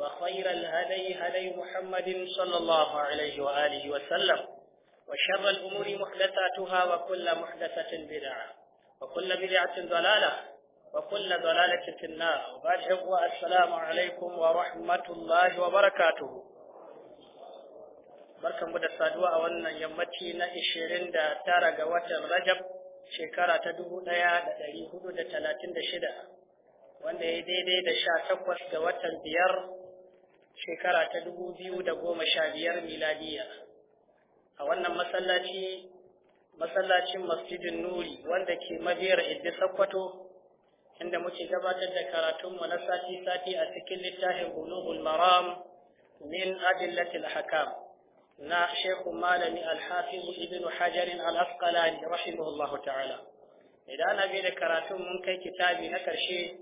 وخير الهدي هدي محمد صلى الله عليه وآله وسلم وشر الأمور محدثاتها وكل محدثة بدعة وكل بدعة ضلالة وكل ضلالة في النار وبعد السلام عليكم ورحمة الله وبركاته barkanmu da saduwa a wannan yammaci na 29 ga watan Rajab دا تلاتين دا شدا ya daidai دا 18 دا وطن ديار shekara ta dubu biyu da goma sha biyar miladiya a wannan masallaci masallacin masjidin nuri wanda ke mabiyar idda sakkwato inda muke gabatar da karatunmu na sati-sati a cikin littafin bulughul maram min adillatil hakam na Shehu malami alhafiz ibnu hajarin al-asqalani rahimahullahu ta'ala idan ana da karatun mun kai kitabi na karshe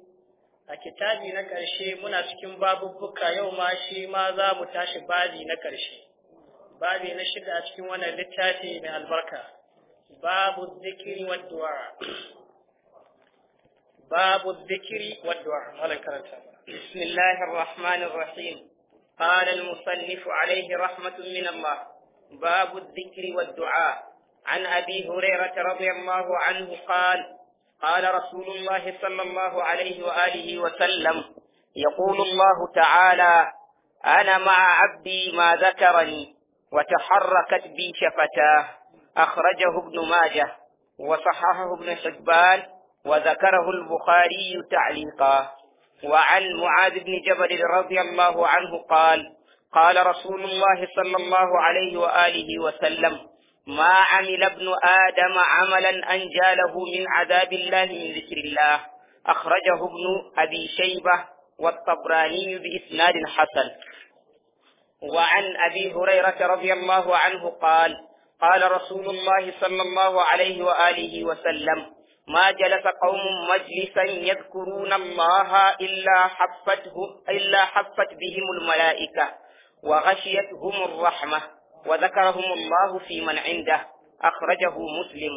a kitabi na ƙarshe muna cikin babubbuka yau ma shi ma za mu tashi babi na ƙarshe babi na shiga a cikin wannan littafi mai albarka babu zikiri wa du'a babu zikiri wa du'a malam karanta bismillahir rahmanir rahim qala al musannif alayhi rahmatun min allah babu zikiri wa du'a an abi hurairah radiyallahu anhu qala قال رسول الله صلى الله عليه وآله وسلم يقول الله تعالى أنا مع عبدي ما ذكرني وتحركت بي شفتاه أخرجه ابن ماجه وصححه ابن حبان وذكره البخاري تعليقا وعن معاذ بن جبل رضي الله عنه قال قال رسول الله صلى الله عليه وآله وسلم ما عمل ابن آدم عملا أنجاله من عذاب الله من ذكر الله أخرجه ابن أبي شيبة والطبراني بإسناد حسن وعن أبي هريرة رضي الله عنه قال قال رسول الله صلى الله عليه وآله وسلم ما جلس قوم مجلسا يذكرون الله إلا حفته إلا حفت بهم الملائكة وغشيتهم الرحمة وذكرهم الله في من عنده أخرجه مسلم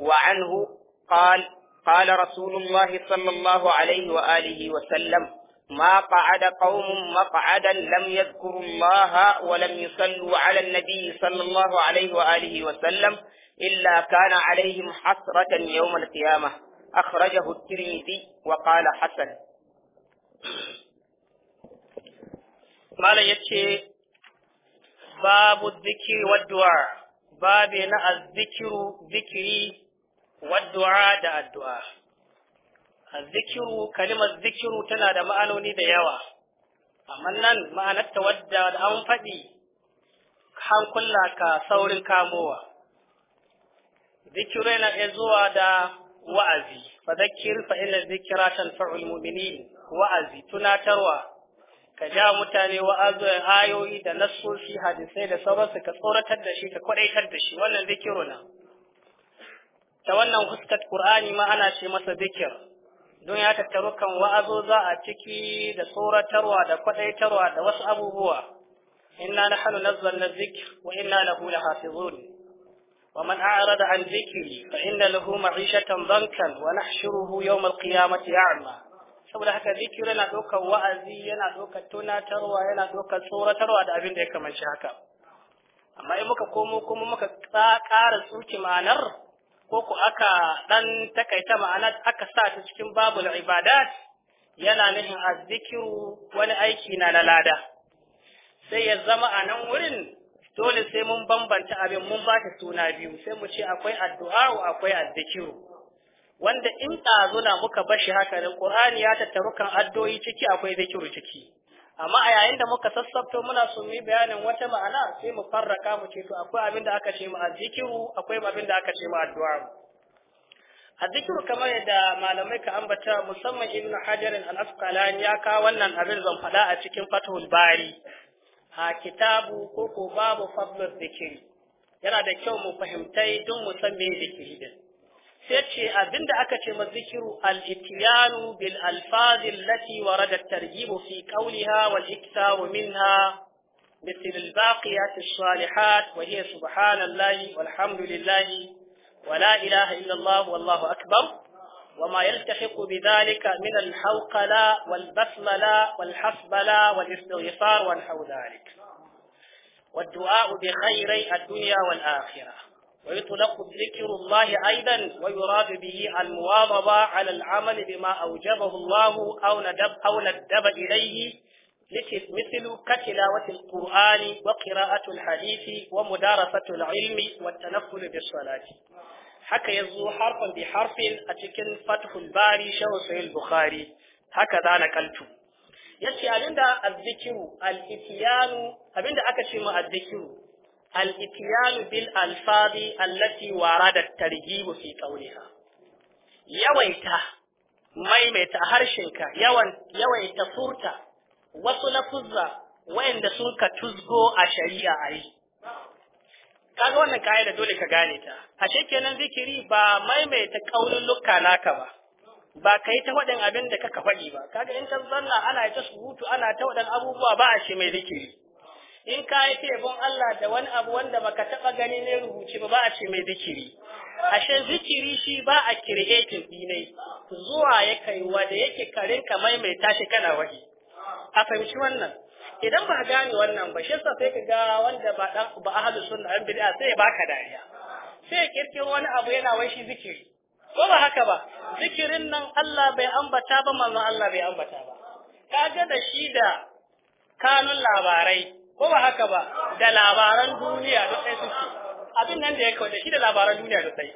وعنه قال قال رسول الله صلى الله عليه وآله وسلم ما قعد قوم مقعدا لم يذكروا الله ولم يصلوا على النبي صلى الله عليه وآله وسلم إلا كان عليهم حسرة يوم القيامة أخرجه الترمذي وقال حسن ما لا يتشي babu zikiri waddu'a babu na azzikiru zikiri waddu'a da addu'a zikiru, kalimar zikiru tana da ma'anoni da yawa amma nan ma'anar ta wadda an faɗi hankula ka saurin kamowa zikiru yana iya zuwa da wa'azi fa zakir fa inna zikra tanfa'ul mu'minin wa'azi tunatarwa ka ja mutane wa ayoyi da nassoshi hadisai da sauransu ka tsoratar da shi ka kwadaitar da shi wannan zikiru na ta wannan huskat qur'ani ma ana ce masa zikir don ya tattaru kan za a ciki da tsoratarwa da kwadaitarwa da wasu abubuwa inna nahnu nazzalna dhikr wa inna lahu lahafizun ومن أعرض عن ذكري فإن له معيشة ضنكا ونحشره يوم القيامة أعمى saboda haka zikiri yana ɗaukar wa'azi yana ɗaukar tunatarwa yana ɗaukar tsoratarwa da abin da ya kamanci haka amma in muka komo kuma muka ƙara tsuki ma'anar ko ku aka ɗan takaita ma'anar aka sa ta cikin babul ibadat yana nufin azzikiru wani aiki na lalada sai ya zama a nan wurin dole sai mun bambanta abin mun ba ta suna biyu sai mu ce akwai addu'a akwai azzikiru wanda in ɗazuna muka bashi haka nan Qur'ani ya tattaru kan addoyi ciki akwai zikiru ciki amma a yayin da muka sassabto muna so mu yi bayanin wata ma'ana sai mu farraka mu ce to akwai abin da aka ce mu akwai abin da aka ce mu addu'a zikiru kamar yadda malamai ka ambata musamman ibn hajar al-asqalani ya kawo wannan abin zan faɗa a cikin fathul bari a kitabu ko ko babu fadlul zikiri yana da kyau mu fahimtai duk mu san me zikiri din sai ce abin da aka ce mazikiru al’ifiyanu al alfazin lati ware da targibu fi kauli ha wa jikta wa min ha mitin albaƙi ya fi shuwali ha wa yi wala ilaha illallah wallahu akbar wa ma yalta ku bi zalika min alhaukala walbasmala walhasbala walistoyifar wal hau zalika wa du'a'u bi khairai a duniya wal akhirah ويطلق ذكر الله أيضا ويراد به المواظبة على العمل بما أوجبه الله أو ندب أو ندب إليه مثل كتلاوة القرآن وقراءة الحديث ومدارسة العلم والتنفل بالصلاة haka ya zo harfan bi harfin a cikin fathul bari shahu sahih bukhari haka za na kaltu yace abinda azzikiru al-ityanu abinda aka ce mu azzikiru al-ityanu bil alfazi allati warada da fi qawliha yawaita maimaita harshenka yawan yawaita furta wasu lafuzza wayanda sun ka tuzgo a shari'a ai kaga wannan da dole ka gane ta ashe kenan zikiri ba maimaita kaululluka naka ba ba kai ta wadan abin kaka faɗi ba kaga in ka zanna ana isa su hutu ana ta wadan abubuwa ba a ce mai zikiri in ka yi yabon Allah da wani abu wanda baka taba gani ne rubuce ba ba a ce mai zikiri ashe zikiri shi ba a creating dinai zuwa ya kai wanda yake karin ka maimaita shi kana wahi a fahimci wannan idan ba gane wannan ba shi sa sai ka ga wanda ba dan ba ahlus sunna an bid'a sai baka dariya sai ya wani abu yana wai shi zikiri ko ba haka ba zikirin nan Allah bai ambata ba manzon Allah bai ambata ba kaga da shi da kanun labarai ko ba haka ba da labaran duniya da sai suke abin nan da ya kawo da shi da labaran duniya da sai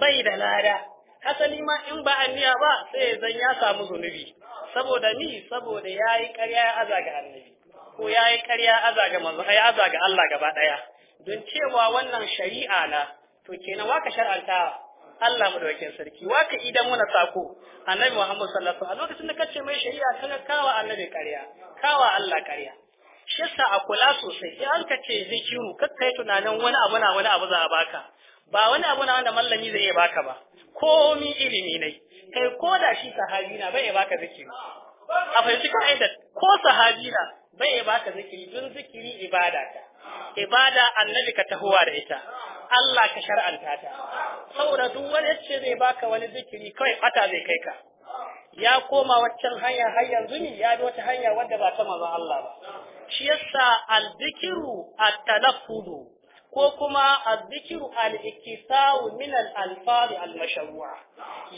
bai da lada asali ma in ba anniya ba sai zan ya samu zunubi saboda ni saboda yayi ƙarya ya aza ga annabi ko yayi ƙarya aza ga manzo ai aza ga Allah gaba daya don cewa wannan shari'a na to kenan waka shar'anta Allah madaukakin sarki waka idan muna sako annabi Muhammad sallallahu alaihi wasallam a lokacin da kace mai shari'a kana kawa annabi ƙarya kawa Allah ƙarya shi yasa a kula sosai in an kace zikiru kakka kai tunanin wani abu na wani abu za a baka ba wani abu na wanda mallami zai iya baka ba komi ilimi ne kai ko da shi sahabi na bai iya baka zikiri a fahimci aida ko sahabi na bai iya baka zikiri don zikiri ibada ta ibada annabi ka tahowa da ita Allah ka shar'anta ta saboda duk wani yace zai baka wani zikiri kawai fata zai kai ka ya koma waccan hanya har yanzu ne ya bi wata hanya wadda ba ta manzon Allah ba shi yasa al-dhikru at-talaffudu ko kuma al-dhikru al-iktisau min al-alfaz al-mashru'a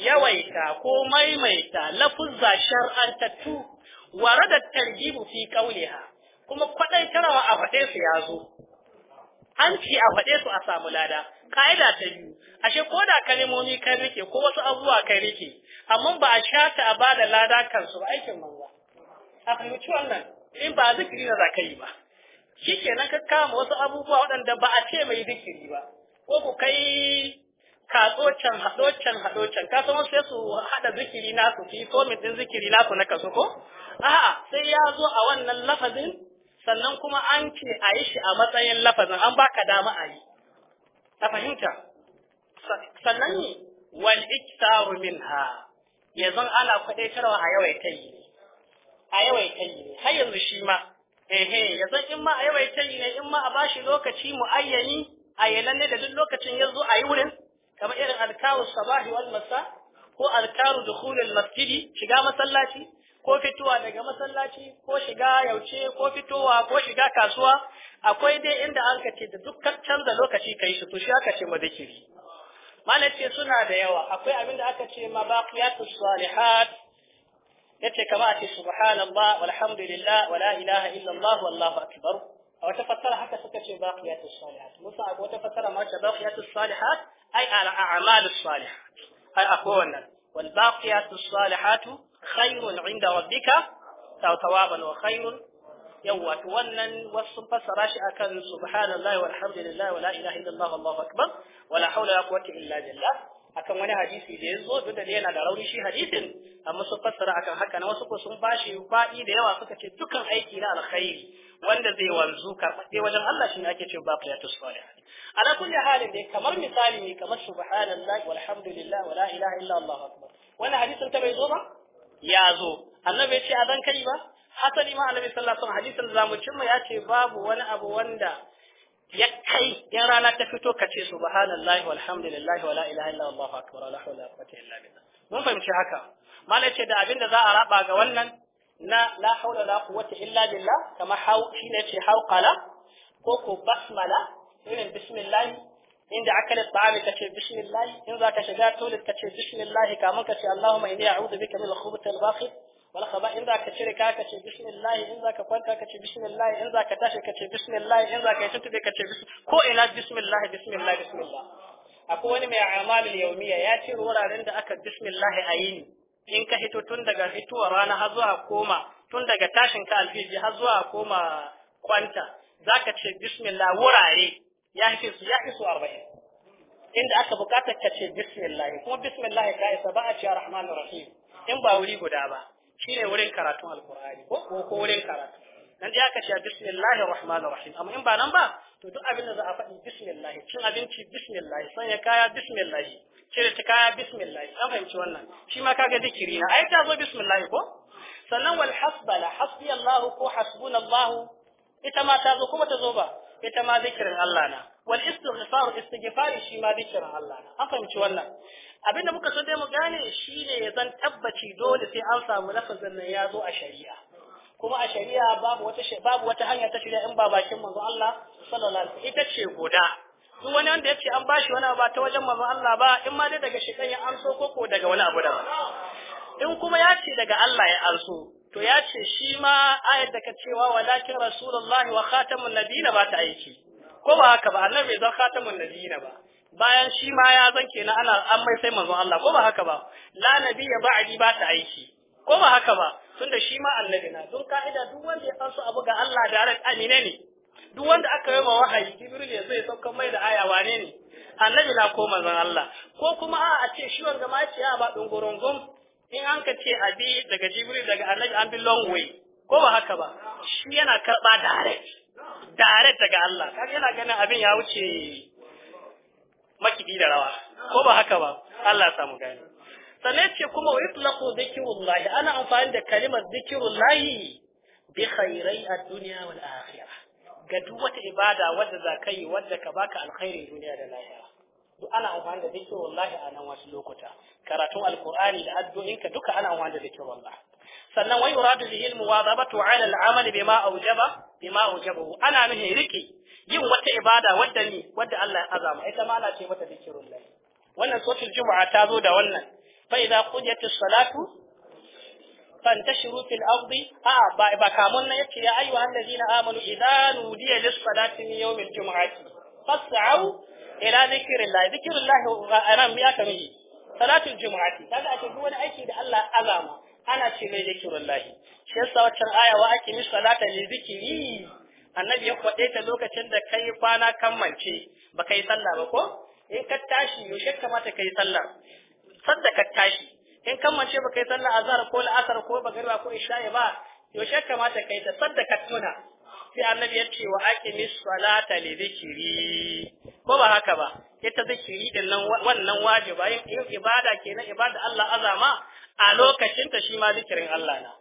yawaita ko maimaita lafuzza shar'antatu warada tarjibu fi qawliha kuma tarawa a faɗe su yazo an ci a faɗe su a samu lada ka'ida ta biyu ashe ko da kalmomi kan rike ko wasu abubuwa kan rike amma ba a shata a bada lada kansu ba aikin manzo a fahimci wannan in ba zikiri na zaka yi ba shi ke ka kama wasu abubuwa waɗanda ba a ce mai zikiri ba ko ku kai katsocan haɗocan haɗocan ka san sai su haɗa zikiri na su fi komin ɗin zikiri na su na kaso ko a'a sai ya zo a wannan lafazin sannan kuma an ce a yi shi a matsayin lafazin an ba ka dama a yi ta fahimta sannan wal iktaru minha yanzu ana kwaɗaitarwa a yawaitai? yi a yawaita yi ne har yanzu shi ma ehe ya zan in ma a yawaita yi ne in ma a ba shi lokaci muayyani ayyanan ne da duk lokacin ya zo a yi wurin kamar irin alkawar sabahi wal masa ko da dukhulul masjidi shiga masallaci ko fitowa daga masallaci ko shiga yauce ko fitowa ko shiga kasuwa akwai dai inda an kace da duk canza lokaci ka yi su to shi aka ce madakiri malam ce suna da yawa akwai abin da aka ce mabaqiyatus salihat yace kama a ce subhanallah walhamdulillah wala ilaha illallah wallahu akbar a wata fassara haka suka ce baqiyatus salihat musa a wata fassara ma ce baqiyatus salihat ai al a'malus salihat ai akwai wannan wal baqiyatus salihatu khairun inda rabbika tawaban wa khairun yawwa to wannan wasu fassara shi akan subhanallahi walhamdulillah wala ilaha illallah wallahu akbar wala hawla wala quwwata illa billah akan wani hadisi da ya zo duk da yana da rauni shi hadisin amma sun fassara akan haka na wasu ko sun bashi faɗi da yawa suka ce dukan aiki na alkhairi wanda zai wanzu karɓaɓɓe wajen Allah shi ne ake cewa ba fiyatu salih ala kulli halin dai kamar misali ne kamar subhanallahi walhamdulillah wala ilaha illa Allah. akbar wannan hadisin ta bai zo ba ya zo annabi ya ce a zan kai ba hasali ma annabi sallallahu alaihi wasallam hadisin zamu cimma ya ce babu wani abu wanda ya kai yan rana ta fito ka ce subhanallahi walhamdulillahi wala ilaha illa Allahu akbar la hawla wala quwwata illa billah mun fahimci haka malai ce da abinda za a raba ga wannan na la hawla wala quwwata illa billah kama hau shine ce hauqala ko ko basmala irin bismillah inda aka da ta'ami ka ce bismillah in za ka shiga toilet ka ce bismillah kamun ka ce Allahumma inni a'udhu bika min al-khubuthi al-baqi wal khaba in ka cire ka ka ce bismillah in zaka kwanta ka ce bismillah in za ka tashi ka ce bismillah in zaka yi tuntube ka ce ko ina bismillah bismillah bismillah akwai wani mai amalul yawmiya ya ce wuraren da aka bismillah a yini in ka hito tun daga fitowar rana har zuwa koma tun daga tashin ka alfiji har zuwa koma kwanta zaka ce bismillah wurare ya fi su ya fi su 40 inda aka bukatar ka ce bismillah kuma bismillah ka isa ba a ce rahmanir rahim in ba wuri guda ba shine wurin karatun alqur'ani ko ko wurin karatu dan dai aka ce bismillahir rahmanir rahim amma in ba nan ba to duk abin da za a faɗi bismillah cin abinci bismillah sanya kaya bismillah cire ta kaya bismillah an fahimci wannan shi ma kaga zikiri na ai ta zo bismillah ko sannan wal hasbala hasbi Allah ko hasbuna hasbunallahu ita ma ta zo kuma ta zo ba ita ma zikirin Allah na wal istighfar istighfari shi ma zikirin Allah na an fahimci wannan abin da muka so dai mu gane ne ya zan tabbaci dole sai an samu lafazin nan ya zo a shari'a kuma a shari'a babu wata babu wata hanya ta shari'a in ba bakin manzo Allah sallallahu alaihi ita ce guda duk wani wanda yace an bashi wani ba ta wajen manzo Allah ba in ma dai daga shekan ya amso ko daga wani abu daban in kuma ya ce daga Allah ya amso to ya ce shi ma ayar da ka cewa walakin rasulullahi wa khatamun nabiyina ba ta aiki ko ba haka ba annabi zai khatamun nabiyina ba bayan shi ma ya zan kenan ana an mai sai manzon Allah ko ba haka ba la nabiyya ba'di ba ta aiki ko ba haka ba tunda shi ma annabi na dun ka'ida duk wanda ya su abu ga Allah da amine ne duk wanda aka yi ma wahayi jibril ya zai sauka mai da aya wane ne annabi na ko manzon Allah ko kuma a a ce shi wanda ma ce a ba dungurungum in an ka ce a daga jibril daga annabi an bi long way ko ba haka ba shi yana karba direct direct daga Allah kaga yana ganin abin ya wuce makidi da rawa ko ba haka ba Allah ya samu gani sannan ce kuma wa yutlaqu dhikrullahi ana amfani da kalimar dhikrullahi bi khairai ad-dunya wal akhirah ga duk wata ibada wadda za ka yi wadda ka baka alkhairin duniya da lahira duk ana amfani da zikirin a nan wasu lokuta karatun alkur'ani da addu'inka duka ana amfani da zikirin sannan wai yuradu bihi almuwazabatu ala al'amali bima aujaba bima aujabahu ana nufin riki yin wata ibada wanda ni wadda Allah ya azama ita ma ana ce mata zikirul lahi wannan suratul jumu'a ta zo da wannan fa idza qudiyatis salatu fantashiru fil ardi a ba ba kamun nan yace ya ayyuhal ladina amanu idza nudiya lis salati min yawmil jumu'ati fas'au ila zikrillah zikrillah eh, ran biya kamiji salatul jumu'ati kaga ake ce duk wani aiki da Allah ya azama ana ce mai zikirullahi shi yasa wacce aya wa ake mishi salata li zikiri annabi ya kwaɗe ta lokacin da kai kwana kammance ba yi sallah ba ko in ka tashi yaushe kamata kai sallah sadda ka tashi in kammance ba yi sallah azhar ko la'asar ko bagariba ko isha'i ba yaushe kamata kai ta sadda ka tuna sai annabi ya ce wa mishi salata li zikiri ko ba haka ba ita zikiri din nan wannan wajiba yin ibada kenan ibada Allah azama a lokacinta shi ma zikirin Allah na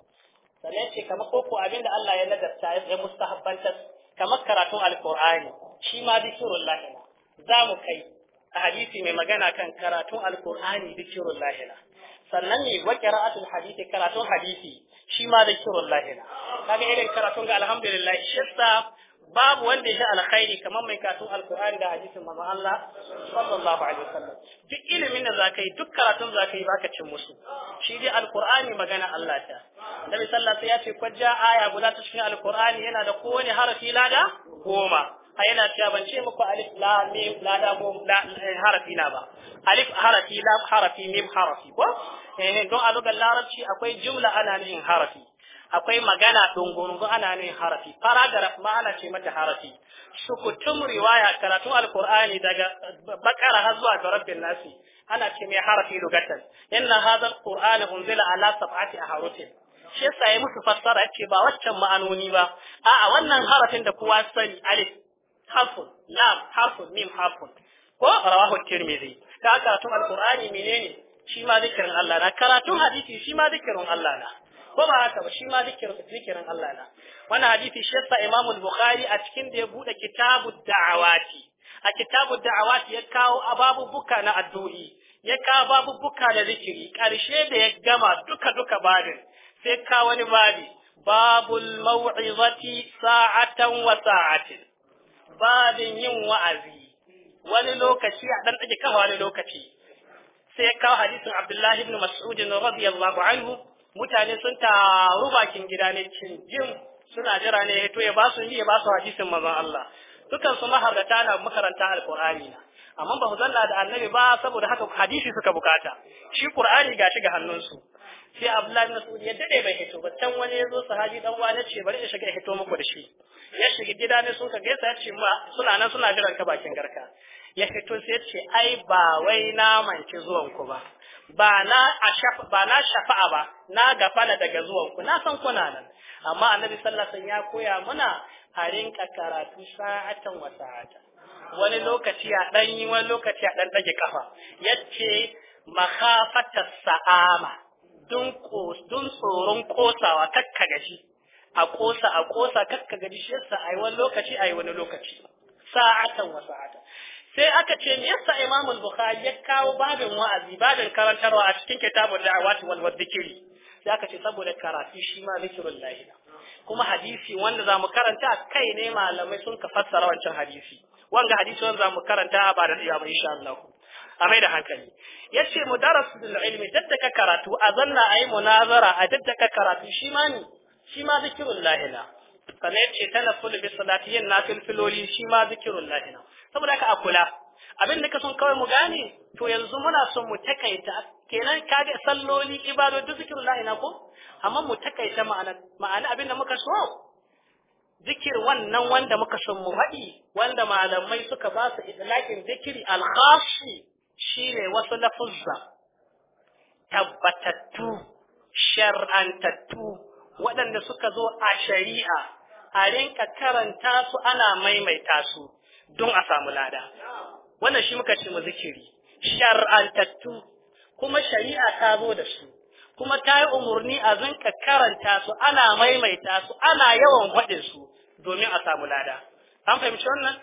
sannan ce kamar koko abinda Allah ya nazarta ya mustahabbantar kamar karatun alkur'ani shi ma zikirun lahina za mu kai a hadisi mai magana kan karatun alkur'ani zikirun lahina sannan ne wa qira'atul hadisi karatun hadisi shi ma zikirun lahina kaga irin karatun ga alhamdulillah shi babu wanda ya alkhairi kamar mai katun alkur'ani da hadisin manzon Allah sallallahu alaihi wasallam duk ilimin da zakai duk karatun zakai baka cin musu shi dai alkur'ani magana Allah ta annabi sallallahu alaihi wasallam ya ce kwajja aya guda ta cikin alkur'ani yana da kowane harafi lada goma a yana cewa ban ce muku alif la mim eh, da harafi na ba alif harafi lam harafi mim harafi ko eh don a lugar larabci akwai jumla ana nufin harafi akwai magana dungungu ana ne harafi paragraph ma ana ce mata harafi sukutum riwaya karatun alqur'ani daga bakara har zuwa ga rabbin nasi ana ce mai harafi lugatan inna hadha alqur'ana unzila ala sab'ati aharufin shi yasa musu fassara ce ba waccan ma'anoni ba a'a wannan harafin da kowa sani alif harfun lam harfun mim harfun ko rawahu tirmidhi ka karatun alqur'ani menene shi ma zikirin Allah na karatun hadisi shi ma zikirin Allah na ko ba haka ba shi ma zikirin Allah na wannan hadisi shi yasa Imam Bukhari a cikin da ya bude kitabud da'awati a kitabud da'awati ya kawo ababubuka na addu'i ya kawo babubuka da zikiri karshe da ya gama duka duka babin sai ka wani babi babul mau'izati sa'atan wa sa'atin babin yin wa'azi wani lokaci a dan dage kan wani lokaci sai ya kawo hadisin Abdullahi ibn Mas'ud radiyallahu anhu mutane sun taru bakin gida ne cin jin suna jira ne to ya ba su ya ba su hadisin manzon Allah dukan su maharata na makaranta alqur'ani na amma ba su da annabi ba saboda haka hadisi suka bukata shi qur'ani gashi ga hannunsu sai abdullahi bin mas'ud ya dade bai hito ba can wani ya zo sahabi dan wani ce bari in shiga hito muku da shi ya shiga gida ne sun ka gaisa ya ce ma suna nan suna jiran ka bakin garka ya fito sai ce ai ba wai na manci zuwan ku ba ba na shafa'a ba na gafala daga zuwan ku na san kuna nan amma annabi sallallahu alaihi wasallam ya koya muna a rinka karatu sa'atan wa sa'ata wani lokaci a dan yi wani lokaci a dan dage kafa yace makhafata sa'ama dun ko dun tsoron kosawa kakka gashi a kosa a kosa kakka gashi sai ai wani lokaci ai wani lokaci sa'atan wa sa'ata sai aka ce me yasa Imam al-Bukhari ya kawo babin wa'azi babin karantarwa a cikin kitabul da'awati wal wadhikri sai aka ce saboda karatu shi ma zikrul lahi kuma hadisi wanda zamu karanta kai ne malamai sun ka fassara wancan hadisi wanga hadisi wanda zamu karanta ba da iya ba insha Allah a mai da hankali yace mu bil ilmi daddaka karatu a zanna ayi munazara a daddaka karatu shi ma ni shi ma zikrul lahi sannan yace tanaful bi salati yin nafil filoli shi ma zikrul lahi saboda haka a kula abin da ka kawai mu gane to yanzu muna son mu takaita kenan kaga salloli ibadatu zikrullah ina ko amma mu takaita ma'ana ma'ana abin da muka so zikir wannan wanda muka son mu haɗi wanda malamai suka ba su idlakin zikiri alkhashi shine wasu lafuzza tabbatattu shar'antattu waɗanda suka zo a shari'a a rinka karanta su ana maimaita su don a samu lada wannan shi muka ce mu zikiri shar'antattu kuma shari'a ta zo da su kuma ta yi umarni a zinka karanta su ana maimaita su ana yawan faɗin su domin a samu lada an fahimci wannan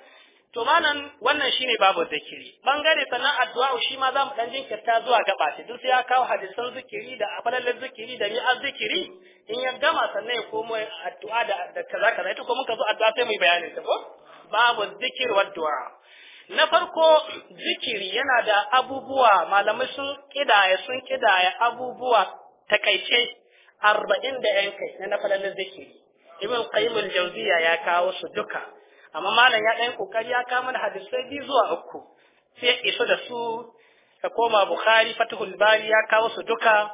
to manan wannan shi ne babu zikiri bangare sannan addu'a shi ma za zamu dan jinkirta zuwa gaba ce, duk sai ya kawo hadisan zikiri da falalar zikiri da mi'az zikiri in ya gama sannan ya addu'a da kaza kaza ita ko muka zo addu'a sai mu bayanin ta ko babu zikir wa du'a na farko zikiri yana da abubuwa malamai sun kidaya sun kidaya abubuwa takaice arba'in da yan kai na fadan zikiri ibn qayyim al-jawziya ya kawo su duka amma malam ya dan kokari ya kawo mana hadisai biyu zuwa uku sai isa da su ka koma bukhari fatihul bari ya kawo su duka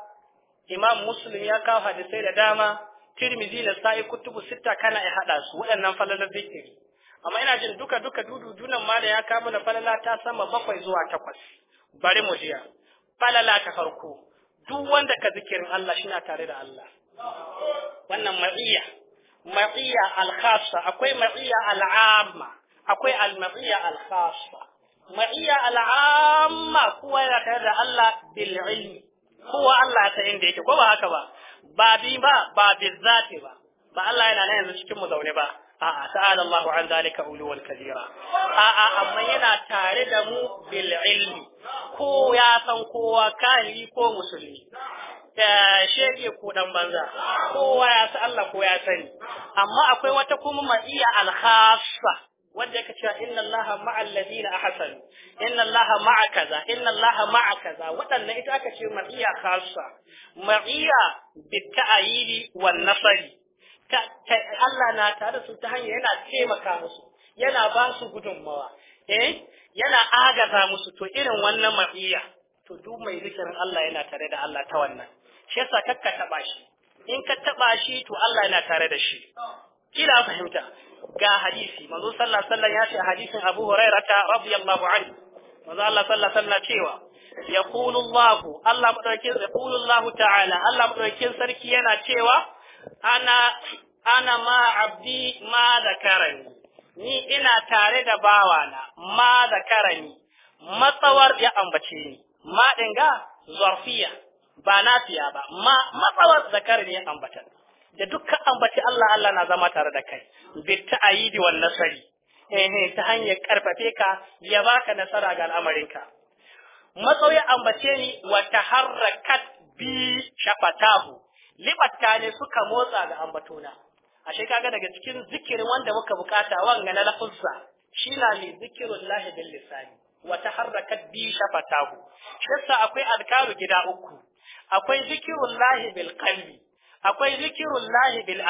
imam muslim ya kawo hadisai da dama tirmidhi da sa'i kutubu sitta kana ya hada su waɗannan falalar zikiri amma ina jin duka duka dududunan ma da ya kama da falala ta sama bakwai zuwa takwas bari mu jiya falala ta farko duk wanda ka zikirin Allah shi na tare da Allah wannan ma'iyya ma'iyya al-khassa akwai ma'iyya al-amma akwai al-ma'iyya al-khassa ma'iyya al-amma kowa yana tare da Allah bil ilmi kowa Allah ta inda yake ko ba haka ba ba bi ba ba bi zati ba ba Allah yana nan yanzu cikin mu zaune ba a'a ta'ala Allahu an zalika uluwal kabira a'a amma yana tare da mu bil ilmi ko ya san kowa kahiri ko musulmi shege ko dan banza kowa ya san Allah ko ya sani amma akwai wata kuma ma'iya al-khassa wanda yake cewa inna allaha ma'al ladina ahsanu inna allaha ma'a kaza inna allaha ma'a kaza wadannan ita aka ce ma'iya khassa ma'iya bit ta'yili wan nasari Allah na tare su ta hanyar yana taimaka musu yana ba su gudunmawa eh yana agaza musu to irin wannan ma'iya to duk mai zikirin Allah yana tare da Allah ta wannan shi yasa kakka taba shi in ka taba shi to Allah yana tare da shi kila fahimta ga hadisi manzo sallah sallan ya ce hadisin Abu Hurairah radiyallahu anhu manzo Allah sallah sallah cewa Ya Allah Allah madaukin yaqulu Allah ta'ala Allah madaukin sarki yana cewa ana ana ma abdi ma da karani ni ina tare da bawana ma da karani matsawar ya ambace ni ma dinga zarfiya ba nafiya ba ma matsawar ne ya ambata da dukkan ambaci Allah Allah na zama tare da kai bi ayidi wan nasari eh ta hanyar karfafe ka ya baka nasara ga al'amarin ka ya ambace ni wa taharrakat bi shafatahu libatta ne suka motsa ga ambatona ashe kaga daga cikin zikirin wanda muka bukata wanga na lafuzza shi na mai zikirun lahi bil lisani wa taharrakat bi shafatahu shessa akwai alkaru gida uku akwai zikirun lahi bil akwai zikirin lahi bil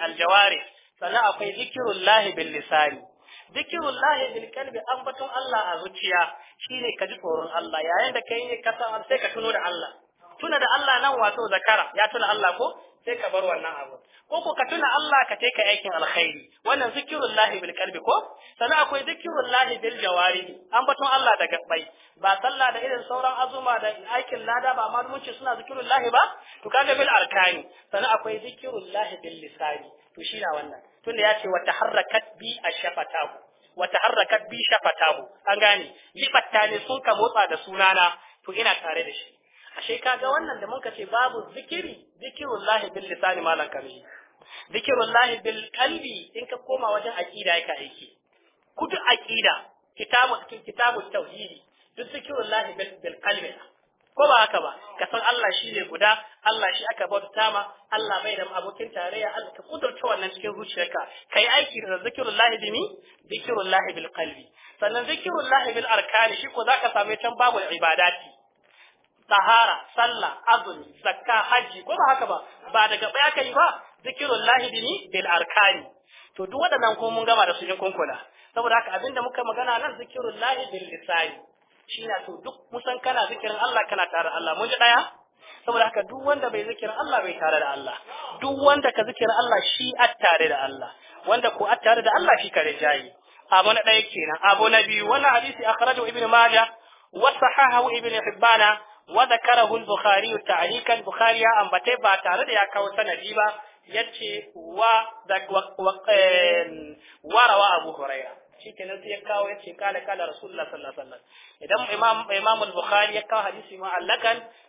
Aljawari. al sannan akwai zikirin lahi bil Zikirin zikirun kalbi bil qalbi Allah a zuciya shine ka ji tsoron Allah yayin da kai ka san sai ka tuno da Allah tuna da Allah nan wato zakara ya tuna Allah ko sai ka bar wannan abu ko ko ka tuna Allah ka taika aikin alkhairi wannan zikrullahi bil qalbi ko sana akwai zikrullahi bil jawarihi an batun Allah da gabbai ba sallah da irin sauran azuma da aikin lada ba amma mun suna zikrullahi ba to kaga bil arkani sana akwai zikrullahi bil lisani to shi na wannan tunda ya ce wa taharrakat bi ashfatahu wa taharrakat bi shafatahu an gane libatta ne sun ka motsa da sunana to ina tare da shi ashe kaga wannan da muka ce babu zikiri zikirullahi bil lisani malan kalbi zikirullahi bil kalbi in ka koma wajen aqida yake aiki kudu aqida kitabu kitabu tauhidi duk zikirullahi bil bil kalbi ko ba haka ba ka san Allah shi ne guda Allah shi aka bauta ma Allah bai da abokin tarayya Allah ka kudurta wannan cikin zuciyarka kai aiki da zikirullahi bi mi zikirullahi bil qalbi sannan zikirullahi bil arkani shi ko zaka same can babu ibadati tahara sallah azumi zakka haji ko ba haka ba ba daga baya aka yi ba zikirullahi dini bil arkani to duk waɗannan kuma mun gama da su in kun kula saboda haka abinda muka magana nan zikirullahi bil lisani shi na to duk musan kana zikirin Allah kana tare da Allah mun ji ɗaya? saboda haka duk wanda bai zikirin Allah bai tare da Allah duk wanda ka zikirin Allah shi a tare da Allah wanda ko a tare da Allah shi kare jayi abu na ɗaya kenan abu na biyu wannan hadisi akhrajahu ibnu majah wa sahahahu ibnu hibbana wa zakarahu bukhari ta'liqan bukhari ya ambate ba tare da ya kawo sanadi ba yace wa wa rawa abu hurairah shikenan sai ya kawo yace kala kala rasulullah sallallahu alaihi wasallam idan imam imam al-bukhari ya kawo hadisi ma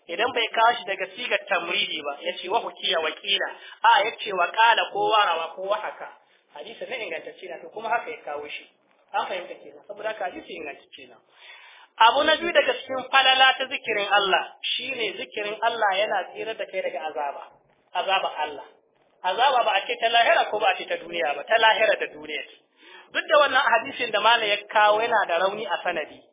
idan bai kawo shi daga sigar tamridi ba yace wa hukiya wakila a yace wa kala ko wa rawa ko wa haka hadisi ne ingantacce na to kuma haka ya kawo shi an fahimta kenan saboda haka hadisi ingantacce na abu na biyu daga cikin falala ta zikirin Allah shi ne zikirin Allah yana tsira da kai daga azaba azaba Allah azaba ba a ce ta lahira ko ba a ce ta duniya ba ta lahira da duniya duk da wannan hadisin da malam ya kawo yana da rauni a sanadi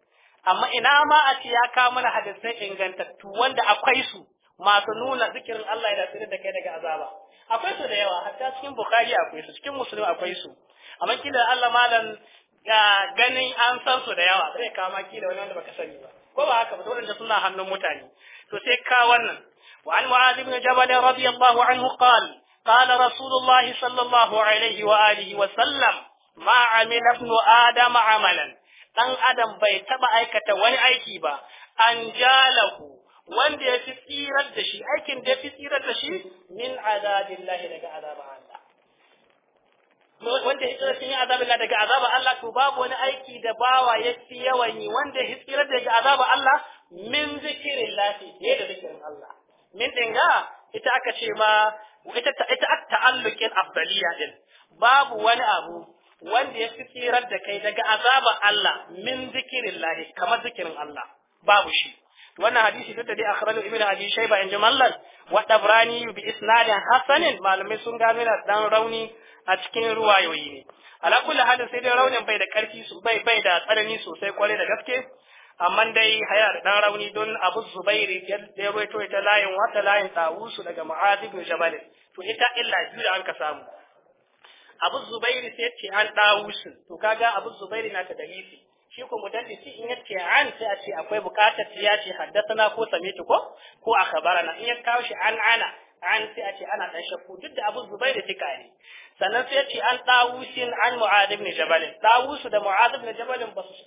amma ina ma a ce ya kawo mana hadisai ingantattu wanda akwai su masu nuna zikirin Allah yana tsira da kai daga azaba akwai su da yawa hatta cikin bukhari akwai su cikin muslim akwai su amma kila Allah malam ga ganin an san su da yawa sai kama ki da wani wanda baka sani ba ko ba haka ba to da suna hannun mutane to sai ka wannan wa an mu'adh ibn jabal radiyallahu anhu qala qala rasulullah sallallahu alaihi wa alihi wa sallam ma amila ibn adam amalan dan adam bai taba aikata wani aiki ba an jalahu wanda ya fi tsirar da shi aikin da ya fi tsirar da shi min azabillahi daga azaba wanda ya tsira cikin azabin daga azabin Allah to babu wani aiki da bawa ya fi yawan yi wanda ya tsira daga azabin Allah min zikirin lafi fiye da zikirin Allah min dinga ita aka ce ma ita ita ta'alluqin afdaliya din babu wani abu wanda ya fi tsirar da kai daga azabin Allah min zikirin lahi kamar zikirin Allah babu shi wannan hadisi duk da dai akhrajahu ibnu abi shayba in jumallan wa dabrani bi isnadin hasanin malamai sun gano da dan rauni a cikin ruwayoyi ne ala kulli halin sai dai raunin bai da karfi su bai bai da tsanani sosai kwarai da gaske amma dai haya da dan rauni don abu zubairi ya rawaito ita layin wata layin tawusu daga mu'adh ibn jabal to ita illa biyu da an ka samu abu zubairi sai ce an dawusu to kaga abu zubairi na ta dalili shi ko mudallisi in yace an sai a ce akwai bukatar ya ce haddathana ko samitu ko ko akhbarana in ya kawo shi an ana an sai a ce ana dan shakku duk da Abu Zubair da tika ne sannan sai ya ce an dawusin an Mu'adh ibn Jabal dawusu da Mu'adh ibn Jabal ba su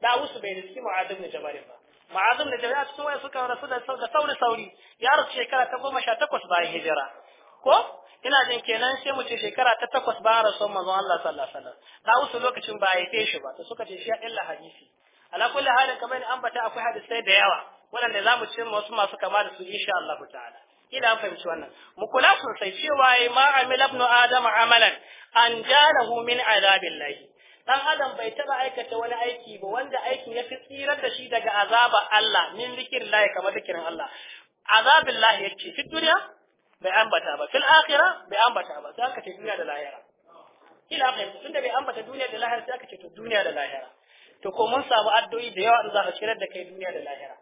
dawusu bai riski Mu'adh ibn Jabal ba Mu'adh ibn Jabal su waya suka rasu da sauri sauri ya rasu shekara ta 18 bayan hijira ko ina jin kenan sai mu ce shekara ta takwas ba rasul manzon Allah sallallahu alaihi wasallam Dawusu lokacin ba a yafe shi ba to suka ce shi illa hadisi ala kulli halin kamar an bata akwai hadisai da yawa waɗanda zamu ce wasu masu kama da su insha Allah ta'ala ina fahimci wannan mu kula sosai cewa ma amila ibnu adam amalan an jalahu min azabillahi dan adam bai taba aikata wani aiki ba wanda aikin ya fi tsirar da shi daga azabar Allah min zikirin lahi kamar zikirin Allah azabin lahi yake fi duniya bai ambata ba fil akhira bai ambata ba sai aka ce duniya da lahira kila aka yi tunda bai ambata duniya da lahira sai aka ce to duniya da lahira to ko mun samu addu'o'i da yawa da za su shirar da kai duniya da lahira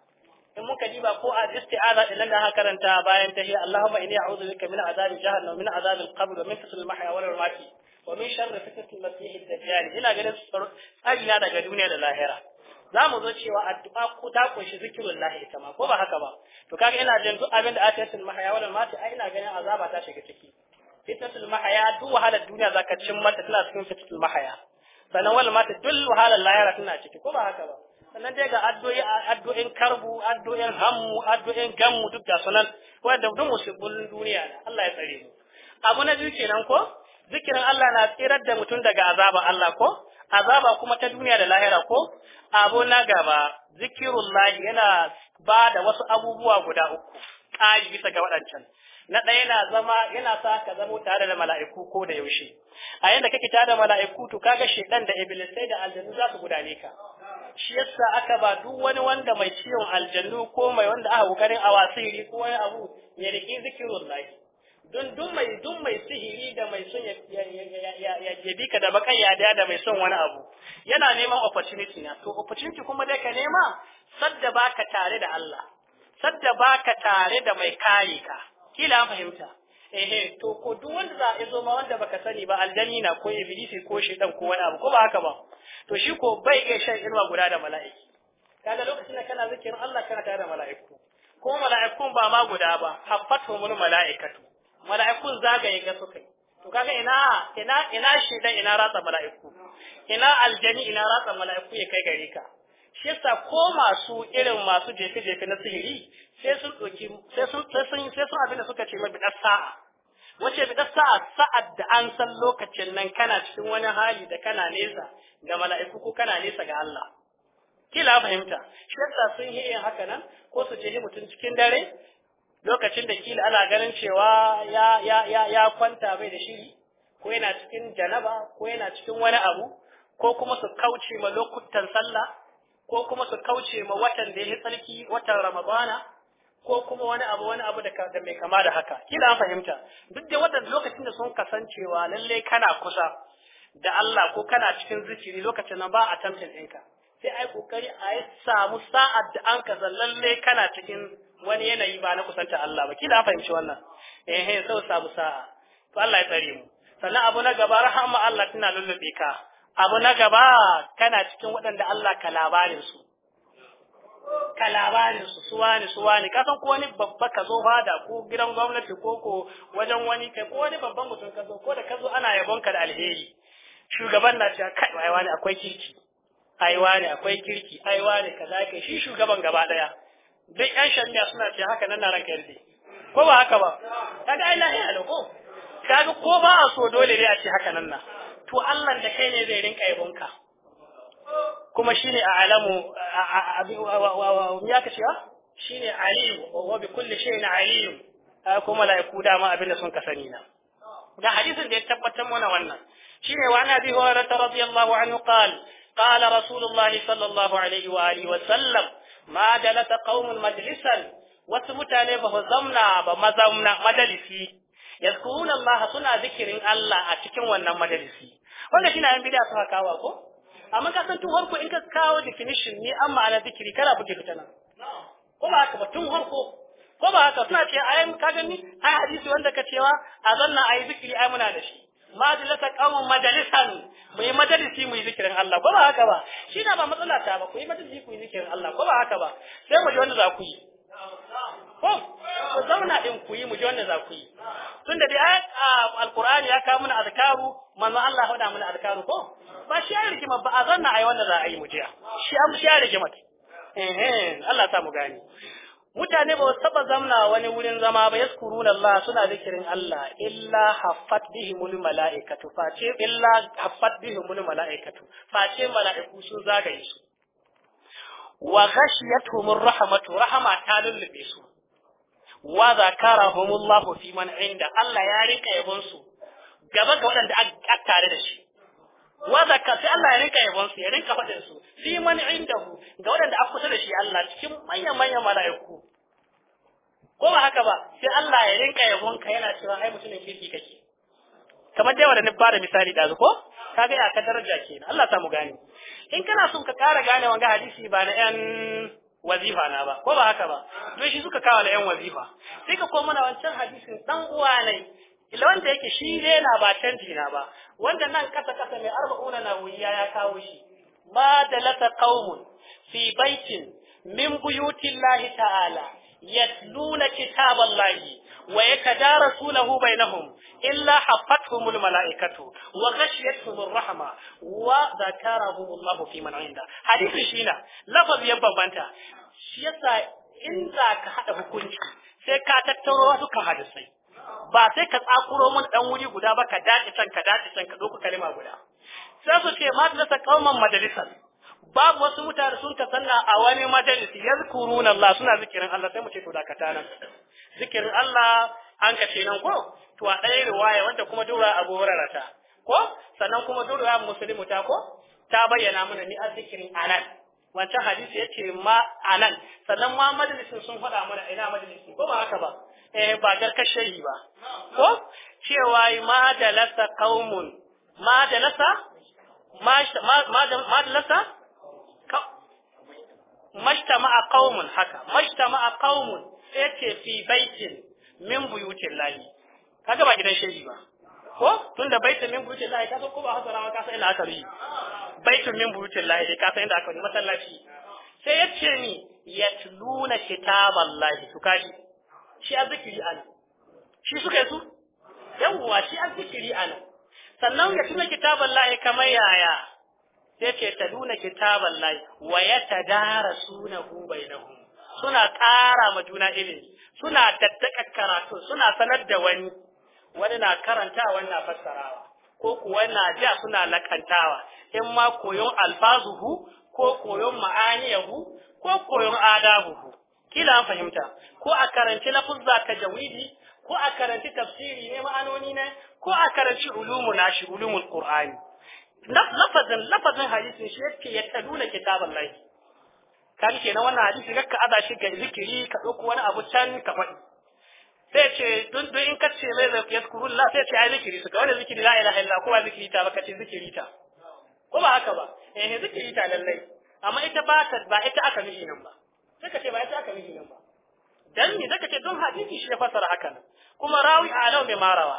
in muka diba ko a isti'aza din nan da aka karanta bayan tahiyya Allahumma inni a'udhu bika min azabi jahannam min azabi al-qabr wa min fitnati al-mahya wal mamati wa min sharri fitnati al-masih ad-dajjal ina ganin tsari na daga duniya da lahira za mu zo cewa addu'a ko ta kunshi zikirin lahi ita ma ko ba haka ba to kaga ina jin duk abin da atiyatul mahaya wannan mati ai ina ganin azaba ta shiga ciki fitatul mahaya duk wahalar duniya zaka cin mata tana cikin fitatul mahaya sannan wal mati duk wahalar layara tana ciki ko ba haka ba sannan dai ga addu'o'i addu'in karbu addu'in hammu addu'in gammu duk ga sunan wanda duk musibin duniya Allah ya tsare mu abu na biyu kenan ko zikirin Allah na tsirar da mutum daga azaba Allah ko azaba kuma ta duniya da lahira ko abu na gaba zikirullahi yana ba da wasu abubuwa guda uku ƙari bisa ga waɗancan na ɗaya yana zama yana sa ka zamo tare da mala'iku ko da yaushe a yanda kake tare da mala'iku to kaga shedan da sai da aljannu za su gudane ka shi yasa aka ba duk wani wanda mai ciwon aljannu ko mai wanda aka kokarin awasiri ko wani abu ya riki zikirullahi Dun mai dun mai sihiri da mai son ya bi ka da bakan ya da mai son wani abu yana neman opportunity na to opportunity kuma dai ka nema sadda baka tare da Allah sadda baka tare da mai kai ka kila fahimta eh to ko duk wanda za a zo ma wanda baka sani ba aljani na ko iblisi ko shedan ko wani abu ko ba haka ba to shi ko bai ga shan ilma guda da mala'iki kaga lokacin da kana zikirin Allah kana tare da mala'iku ko mala'ikun ba ma guda ba mun mala'ikatu mala'ikun zagaye ga suka yi to kaga ina ina ina shaidan ina ratsa mala'iku ina aljani ina ratsa mala'iku ya kai gare ka shi yasa ko masu irin masu jefe jefe na sihiri sai sun doki sai sun sai sun sai sun abinda suka ce mabi sa'a wace bi sa'a sa'ad da an san lokacin nan kana cikin wani hali da kana nesa ga mala'iku ko kana nesa ga Allah kila fahimta shi yasa sun yi haka nan ko su je mutum cikin dare lokacin da kila ana ganin cewa ya ya ya ya kwanta bai da shiri ko yana cikin janaba ko yana cikin wani abu ko kuma su kauce ma lokutan sallah ko kuma su kauce ma watan da ya tsarki watan ramadana ko kuma wani abu wani abu da da mai kama da haka kila an fahimta duk da wannan lokacin da sun kasancewa lalle kana kusa da Allah ko kana cikin zikiri lokacin nan ba a tantance ɗinka sai ai kokari a yi samu sa'ad da an kaza lalle kana cikin wani yanayi ba na kusanta Allah ba kila fahimci wannan eh eh sau sabu sa'a to Allah ya tsare mu sannan abu na gaba rahama Allah tana lullube ka abu na gaba kana cikin waɗanda Allah ka labarin su ka labarin su suwa ne suwa ne ka san ko wani babba ka zo fada ko gidan gwamnati ko ko wajen wani kai ko wani babban mutum ka zo ko da ka zo ana yabon ka da alheri shugaban na cewa kai ai wani akwai kirki aiwa ne akwai kirki aiwa ne kaza kai shi shugaban gaba daya duk yan shari'a suna ce haka nan na ranka yarda ko ba haka ba kaga ai lahiya da ko kaga ko ba a so dole ne a ce haka nan na to Allah da kai ne zai rinka yabonka kuma shine a alamu ya ka cewa shine aliyu wa bi kulli shay'in aliyu kuma la yaku dama abinda sun ka sani na da hadisin da ya tabbatar mana wannan shine wa ana bi hurairah radiyallahu anhu qala qala rasulullahi sallallahu alaihi wa alihi wa sallam ma jalasa qaumun majlisan wasu mutane ba su zamna ba mazamna madalisi yazkuruna Allah suna zikirin Allah a cikin wannan madalisi wanda shi na yan bid'a suka kawo ko amma ka san tun harko in ka kawo definition ne amma ana zikiri kana buke tana ko ba haka ba tun harko ko ba haka suna ce ayan ka gani ai hadisi wanda ka cewa a zanna ai zikiri ai muna da shi majalisa qawm majalisan mai majalisi mai zikirin Allah ba ba haka ba shi na ba matsala ta ba ku yi majalisi ku yi zikirin Allah ba ba haka ba sai mu ji wanda za ku yi ko ku zauna din ku yi mu ji wanda za ku yi tun da dai alqur'ani ya kawo mana azkaru manzo Allah ya faɗa mana azkaru ko ba shi ya rigima ba a zanna ai wanda za a yi mu ji shi am shi ya rigima eh eh Allah ta mu gani mutane ba su saba zamna wani wurin zama ba yaskuruna Allah suna zikirin Allah illa haffat bihimul malaikatu face illa haffat malaikatu face malaiku sun zagaye su wa ghashiyatuhumur rahmatu rahama ta lullube su wa zakarahumullahu fi man inda Allah ya rika yabon su gaba ga waɗanda aka tare da shi wa sai Allah ya rinka yabon ya rinka faɗin su fi man indahu ga waɗanda aka kusa da shi Allah cikin manyan manyan mala'iku ko ba haka ba sai Allah ya rinka yabon yana cewa ai mutumin kirki kake kamar dai wanda ba da misali da ko ka ga ya ka daraja kenan Allah ta mu gane in kana son ka ƙara gane wanga hadisi ba na ƴan wazifa na ba ko ba haka ba don shi suka kawo na ƴan wazifa sai ka koma na wancan hadisin dan uwa ne wanda yake shi ne na ba canji na ba wanda nan kasa kasa mai arba'una na wuya ya kawo shi ma lasa qaumun fi baitin min lahi ta'ala yatluna kitaballahi wa bai bainahum illa hafathumul malaikatu wa ghashiyatuhumur rahma wa zakarahumullahu fi mana inda hadisi na. lafaz ya bambanta shi yasa in za ka haɗa hukunci sai ka tattaro wasu kan hadisai ba sai ka tsakuro mun dan wuri guda ba ka dace can ka dace can ka doku kalima guda sai su ce madrasa kauman majalisan babu wasu mutane sun ka sanna a wani majalisi yazkuruna Allah suna zikirin Allah sai mu ce to dakata nan zikirin Allah an ka ce nan ko to a dai riwaya wanda kuma dora Abu Hurairah ko sannan kuma dora Muslimu ta ko ta bayyana mana ni a zikirin anan wancan hadisi yace ma anan sannan ma majalisin sun faɗa mana ina majalisin ko ba haka ba eh ba garkashayi ba ko cewa ma da lasa qaumun ma da lasa ma da lasa majtama'a qaumun haka majtama'a qaumun yake fi baitin min buyutin lahi kaga ba gidan shehi ba ko tunda baitin min buyutin lahi kaga ko ba hasara ka sai la'akari baitin min buyutin lahi ka sai inda aka masallaci sai yace ni yatluna kitaballahi to kaji shi azzikiri ana shi suka su yawwa shi azzikiri ana sannan ya tuna kitabun lahi kamar yaya sai ce ta nuna kitabun lahi wa ya ta gubai na bainahum suna ƙara ma juna ilimi suna daddaka karatu suna sanar da wani wani na karanta wani na fassarawa ko kuwa na ja suna lakantawa in ma koyon alfazuhu ko koyon ma'aniyahu ko koyon adabuhu kila an fahimta ko a karanci lafuzza ta jawidi ko a karanci tafsiri ne ma'anoni ne ko a karanci ulumu nashi ulumul qur'ani lafazin lafazin hadisi shi yake ya taduna kitabul lahi kan kenan wannan hadisi kakka aza shi ga zikiri ka dauko wani abu can ka faɗi sai ce dun dun in ka ce mai zai yaskuru la sai ce ai zikiri su ga wani zikiri la ilaha illa ko ba zikiri ta ba ce zikiri ta ko ba haka ba eh zikiri ta lallai amma ita ba ta ba ita aka mishi nan ba sai ce ba ya ta miji nan ba dan ne zaka ce don hadisi shi ya fasara haka kuma rawi alau mai marawa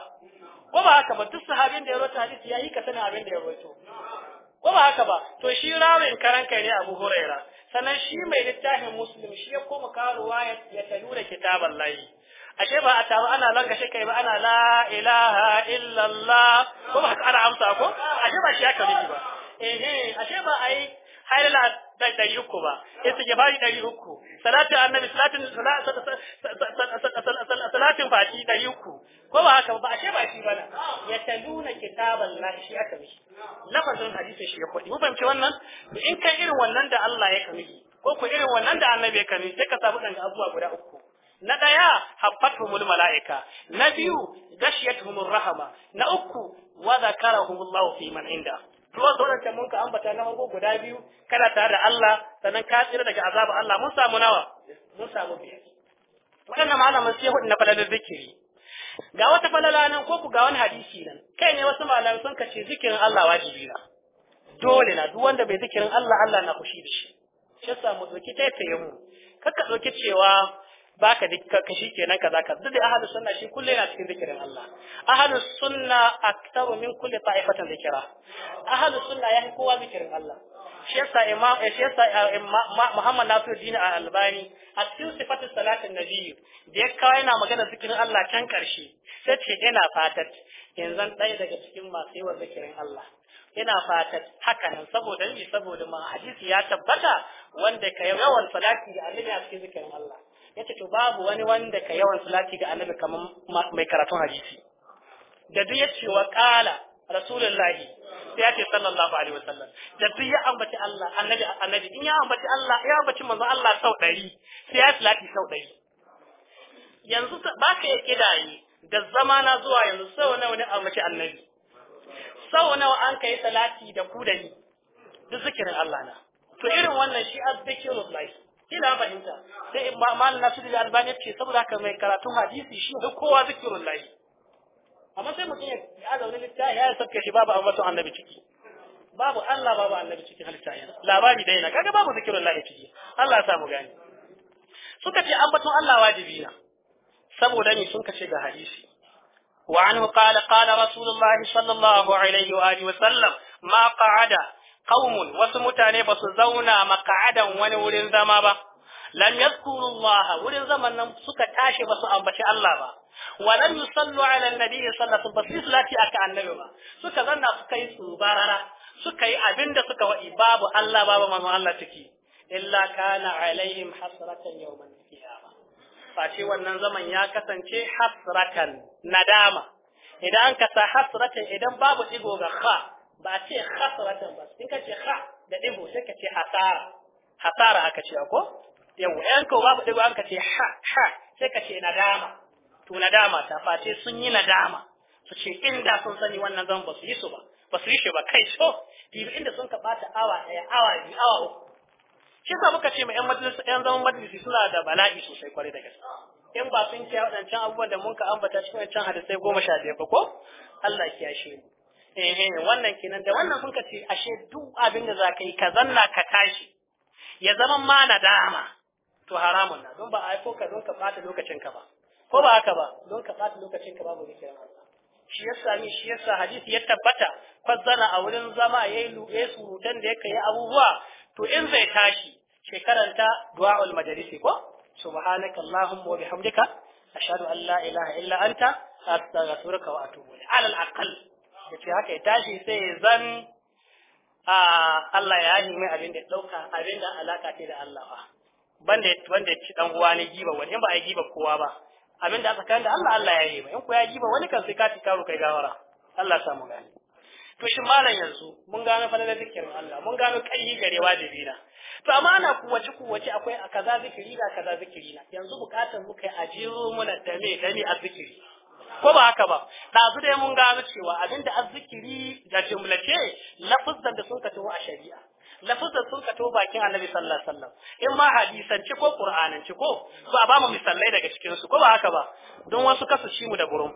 ko ba haka ba duk sahabin da ya rawaita hadisi yayi ka sanin abin da ya rawaito ko ba haka ba to shi rawin karan kai ne Abu Huraira sannan shi mai littafin Muslim shi ya koma karuwa ya tanura kitaban layi ashe ba a taru ana langashe kai ba ana la ilaha illallah ko ba haka ana amsa ko ashe ba shi haka ne ba eh eh ashe ba ai hailala dan dari uku ba ya istighfari dari uku salatin annabi salatin salatin fati dari uku ko ba haka ba ashe ba shi bana ya taluna kitaban la shi aka mishi lafazin hadisi shi ya kwadi mu fahimci wannan in kai irin wannan da Allah ya kamishi ko ku irin wannan da annabi ya kamishi sai ka samu danga abubuwa guda uku na ɗaya haffatuhumul mala'ika na biyu gashiyatuhumur rahama na uku wa zakarahumullahu fi man inda kuma sauran can mun ka ambata na farko guda biyu kana tare da Allah sannan ka tsira daga azabu Allah mun samu nawa mun samu biyar waɗannan malaman sai hudu na falalar zikiri ga wata falala nan ko ku ga wani hadisi nan kai ne wasu malamai sun kace zikirin Allah wajibi ne dole na duk wanda bai zikirin Allah Allah na kushi da shi shi yasa mu dauki taitayen mu kakka dauki cewa baka dikka kashi kenan kaza ka duk Ahadu ahlus sunna shi kullu yana cikin zikirin Allah ahlus sunna aktaru min kulli ta'ifatin zikira ahlus sunna yahi kowa zikirin Allah shi yasa imam eh, shi yasa eh, Muhammad din Al-Albani a cikin sifatus salatin nabi da ya kawo yana magana zikirin Allah can karshe sai ce ina fatat yanzu ɗaya daga cikin masu yawan zikirin Allah ina fatat haka nan saboda ni saboda ma hadisi ya tabbata wanda ka yawan salati da annabi a cikin zikirin Allah yace to babu wani wanda ka yawan salati ga annabi kaman mai karatun hadisi da duk yace wa qala rasulullahi sai yace sallallahu alaihi wasallam da duk ya ambaci Allah annabi annabi in ya ambaci Allah ya ambaci manzo Allah sau 100 sai ya salati sau 100 yanzu ba ka yi kidaye da zamana zuwa yanzu sau nawa ne ambaci annabi sau nawa an kai salati da ku da ni duk zikirin Allah na to irin wannan shi azzikirullahi ina fahimta sai in ba mal nasu da albani ce saboda haka mai karatun hadisi shi da kowa zikirun lahi amma sai mutum ya zaune littafi ya sabke shi babu ambaton annabi ciki babu Allah babu annabi cikin halitta yana labari dai na kaga babu zikirun lahi ciki Allah ya samu gani suka ce ambaton Allah wajibi na saboda ni sun kace ga hadisi وعنه قال قال رسول الله صلى الله عليه وآله وسلم ما قعد qaumun wasu mutane ba su zauna maka'adan wani wurin zama ba lam yadhkurullaha wurin zaman nan suka tashi ba su ambaci Allah ba wa lam yusallu ala annabi sallallahu alaihi wasallam aka annabi ba suka zanna suka yi tsubarara suka yi abinda suka wa'i babu Allah babu manzon Allah ciki illa kana alaihim hasratan yawmal qiyamah face wannan zaman ya kasance hasratan nadama idan an kasa hasratan idan babu digo ga kha ba ce hasaratan ba in ka ce ha da ɗigo sai ka ce hasara hasara aka ce ko yau yan ko babu ɗigo an ka ce ha ha sai ka ce nadama to nadama ta face sun yi nadama su ce inda sun sani wannan zan ba su yi su ba ba su yi shi ba kai so tibi inda sun ka bata awa ɗaya awa biyu awa uku shi sa muka ce ma ƴan majalisa ƴan zaman majalisi suna da bala'i sosai kwarai da gaske in ba sun kiyaye waɗancan abubuwan da mun ka ambata cikin wancan hadisai goma sha biyar ba ko Allah ya kiyashe mu Ehe, wannan kenan da wannan sun kace ashe duk abin da zaka yi ka zanna ka tashi ya zama ma nadama to haramun na don ba a aiko ka don ka ɓata lokacin ka ba ko ba haka ba don ka ɓata lokacin ka babu zikirin Allah shi ya ni shi yasa hadisi ya tabbata fazzana a wurin zama yayi lu'e surutan da ya yi abubuwa to in zai tashi shekaranta du'aul majalisi ko subhanaka allahumma wa bihamdika ashhadu an la ilaha illa anta astaghfiruka wa atubu ilayk ala al yace haka ya tashi sai zan a Allah ya yi mai abin da dauka abin da alaka ce da Allah ba banda wanda ci dan uwa ne giba wani in ba ai giba kowa ba abin da kan da Allah Allah ya yi mai in ko ya giba wani kan sai ka ci karo kai gawara Allah samu gani to shi malam yanzu mun gano falalar zikirin Allah mun gano kai gare da na to amma ana kuwace kuwace akwai a kaza zikiri ga kaza zikiri na yanzu bukatar mu kai ajiro muna dame dame a zikiri ko ba haka ba ɗazu dai mun gano cewa abinda azzikiri da jumlace lafuzan da sun kato a shari'a lafuzan sun kato bakin annabi sallallahu alaihi wasallam in ma hadisanci ko qur'ananci ko ba ba mu misalai daga cikin su ko ba haka ba don wasu kasu ci mu da burum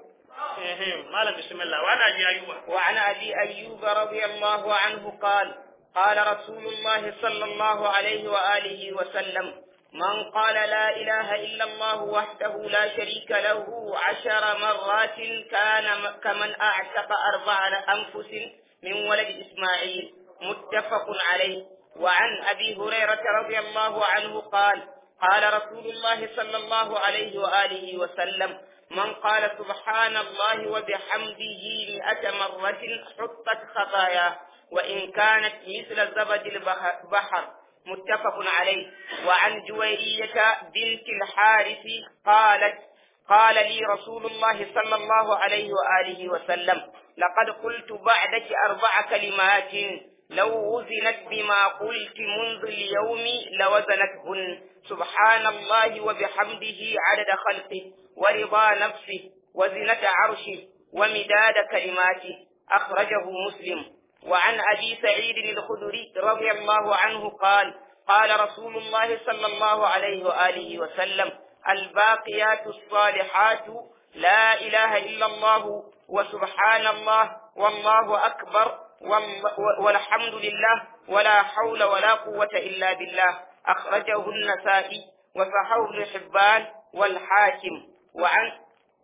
malam bismillah wa ana abi ayyuba wa ana abi ayyuba radiyallahu anhu qala qala rasulullahi sallallahu alaihi wa alihi wa sallam من قال لا إله إلا الله وحده لا شريك له عشر مرات كان كمن أعتق أربع أنفس من ولد إسماعيل متفق عليه وعن أبي هريرة رضي الله عنه قال قال رسول الله صلى الله عليه وآله وسلم من قال سبحان الله وبحمده مئة مرة حطت خطاياه وإن كانت مثل زبد البحر متفق عليه وعن جويرية بنت الحارث قالت قال لي رسول الله صلى الله عليه وآله وسلم لقد قلت بعدك أربع كلمات لو وزنت بما قلت منذ اليوم لوزنتهن سبحان الله وبحمده عدد خلقه ورضا نفسه وزنة عرشه ومداد كلماته أخرجه مسلم وعن أبي سعيد الخدري رضي الله عنه قال قال رسول الله صلى الله عليه وآله وسلم الباقيات الصالحات لا إله إلا الله وسبحان الله والله أكبر والحمد لله ولا حول ولا قوة إلا بالله أخرجه النسائي وصححه ابن حبان والحاكم وعن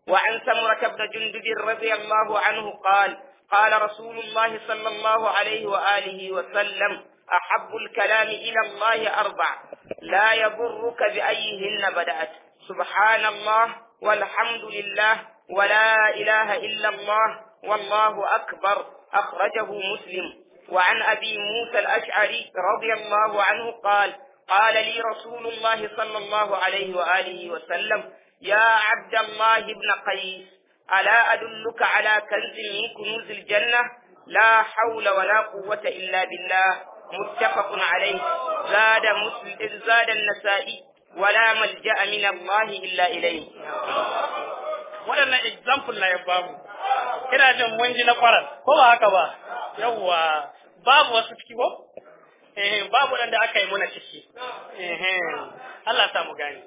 وعن سمرة بن جندب رضي الله عنه قال قال رسول الله صلى الله عليه وآله وسلم أحب الكلام إلى الله أربع لا يضرك بأيهن بدأت سبحان الله والحمد لله ولا إله إلا الله والله أكبر أخرجه مسلم وعن أبي موسى الأشعري رضي الله عنه قال قال لي رسول الله صلى الله عليه وآله وسلم يا عبد الله بن قيس ألا أدلك على كنز من كنوز الجنة لا حول ولا قوة إلا بالله متفق عليه زاد مسلم زاد النسائي ولا ملجأ من الله إلا إليه waɗannan example na ya bamu ina jin mun na kwaran ko ba haka ba yawwa babu wasu ciki ko eh babu dan aka yi muna ciki eh Allah ya mu gani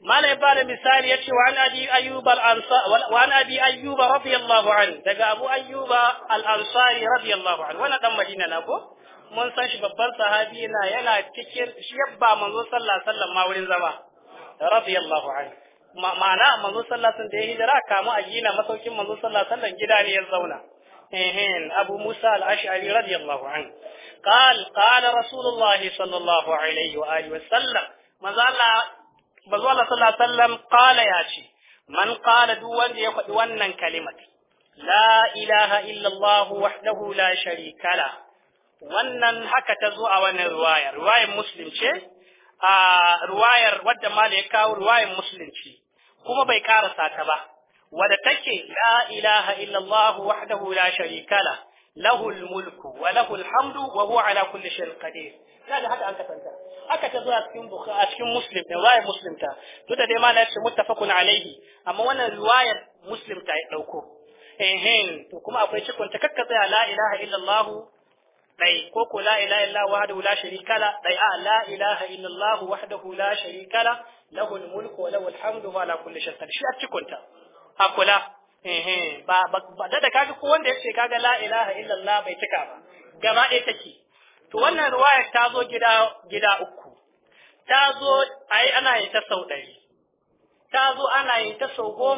malai ba da misali yace wa an abi ayyuba al-ansari wa an abi ayyuba radiyallahu anhu daga abu ayyuba al-ansari radiyallahu anhu wani dan madina na ko mun san shi babban sahabi na yana cikin shi yabba manzo sallallahu alaihi wasallam ma wurin zama radiyallahu anhu ma'ana manzo sallallahu alaihi da ya hijira kamu a gina masaukin manzo sallallahu alaihi wasallam gida ne ya zauna إيهين أبو موسى الأشعري رضي الله عنه قال قال رسول الله صلى الله عليه وآله وسلم ما زال manzo Allah sallallahu alaihi wasallam qala ya ce man qala duk wanda ya faɗi wannan kalimat la ilaha illallah wahdahu la sharika la wannan haka ta zo a wannan riwaya riwayar muslim ce a riwayar wadda mala ya kawo riwayar muslim ce kuma bai karasa ta ba wadda take la ilaha illallah wahdahu la sharika la lahu mulku wa lahul hamdu wa huwa ala kulli shay'in qadir kaga haka an kasanta haka ta zo a cikin a cikin muslim ne riwayar muslim ta duk da dai malai ce muttafaqun alaihi amma wannan riwayar muslim ta ya dauko ehin to kuma akwai cikon ta kakka tsaya la ilaha illallah dai ko ko la ilaha illallah wahdahu la sharika la dai a la ilaha illallah wahdahu la sharika la lahul mulku wa lahul hamdu wa la kulli shay'in shi a cikon ta akula ehin ba ba da kaga ko wanda yace kaga la ilaha illallah bai cika ba gaba ɗaya take To wannan ruwayar ta zo gida, uku, ta zo a yi ana yin ta sau ɗari, ta zo ana yin ta sau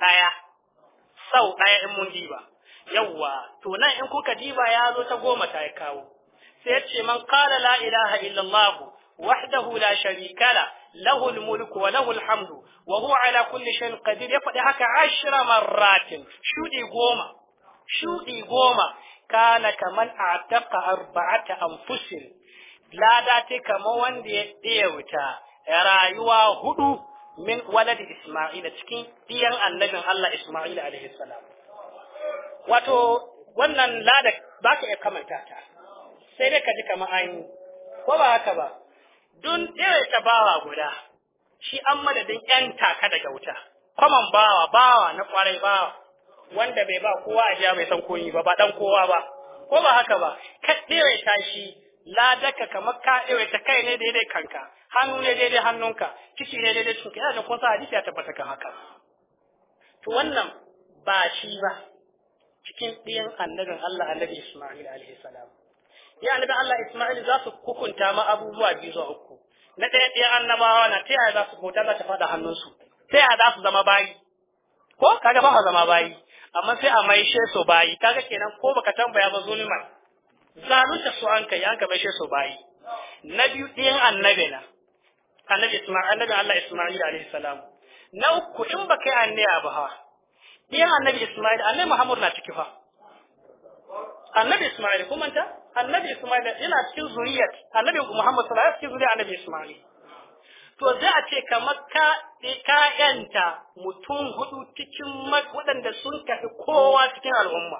ɗaya, sau ɗaya in mun diba. Yawwa, to nan in kuka diba ya zo ta goma ta ya kawo. Sai ce man kala la ilaha illallah wahdahu la sharika la lahu mulku wa lahu al-hamdu wa huwa ala kulli shay'in ya faɗi haka 10 marratin shudi goma shudi goma kana kaman a ataqa arba'ata anfusin lada ta kama wanda ya ɗaya wuta rayuwa hudu min waladi Isma'ila cikin ɗiyan annabin Allah Isma'ila alaihi salam wato wannan lada ba ka iya kamanta ta sai dai ka ji kamar an yi. ko ba haka ba dun ɗaya ta bawa guda shi an madadin 'yan taka daga wuta kwaman bawa bawa na kwarai bawa wanda bai ba kowa a jiya mai san koyi ba ba dan kowa ba ko ba haka ba ka ɗere tashi ladaka kamar ka ɗere ta kai ne daidai kanka hannu ne daidai hannunka kici ne daidai cikin yana kun sa hadisi ya tabbata kan haka to wannan ba shi ba cikin ɗiyan annabin Allah annabi Isma'il alaihi salam ya annabi Allah Isma'il za su hukunta ma abubuwa biyu zuwa uku na ɗaya ɗiyan annabawa na ta yaya za su kota za ta faɗa hannunsu ta yaya za su zama bayi ko kaga ba zama bayi amma sai a maishe su bayi kaga kenan ko baka tambaya ba zulman zalunta su an kai an ka maishe su bayi na biyu ɗayan annabi na annabi Isma'il annabi Allah Isma'il alaihi salam na uku in baka yi anniya ba ha ɗayan annabi Isma'il annabi Muhammad na ciki fa annabi Isma'il kuma ta annabi Isma'il yana cikin zuriyar annabi Muhammad sallallahu alaihi wasallam cikin zuriyar annabi Isma'il to za a ce kamar ka ka'yanta mutum hudu cikin waɗanda sun kafi kowa cikin al'umma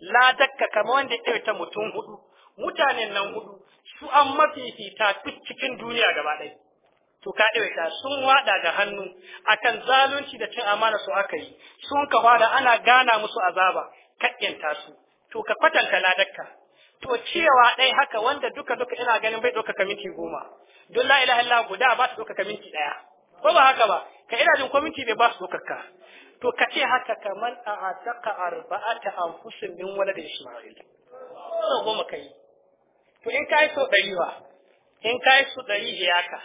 ladakka kamar wanda ya ta mutum hudu mutanen nan hudu su an fita duk cikin duniya gaba ɗaya to ka sun waɗa da hannu akan zalunci da cin amana su aka yi sun ka fara ana gana musu azaba kaɗinta su to ka kwatanta ladakka to cewa ɗaya haka wanda duka duka ina ganin bai ɗauka minti goma don la ilaha illallah guda ba su ɗaukaka minti ɗaya ko ba haka ba ka ina jin minti ne ba su ɗaukaka to ka ce haka kamar a ataka arba'ata anfusin min wala da isma'il sau goma kai to in ka yi sau ba in ka yi dari ɗari haka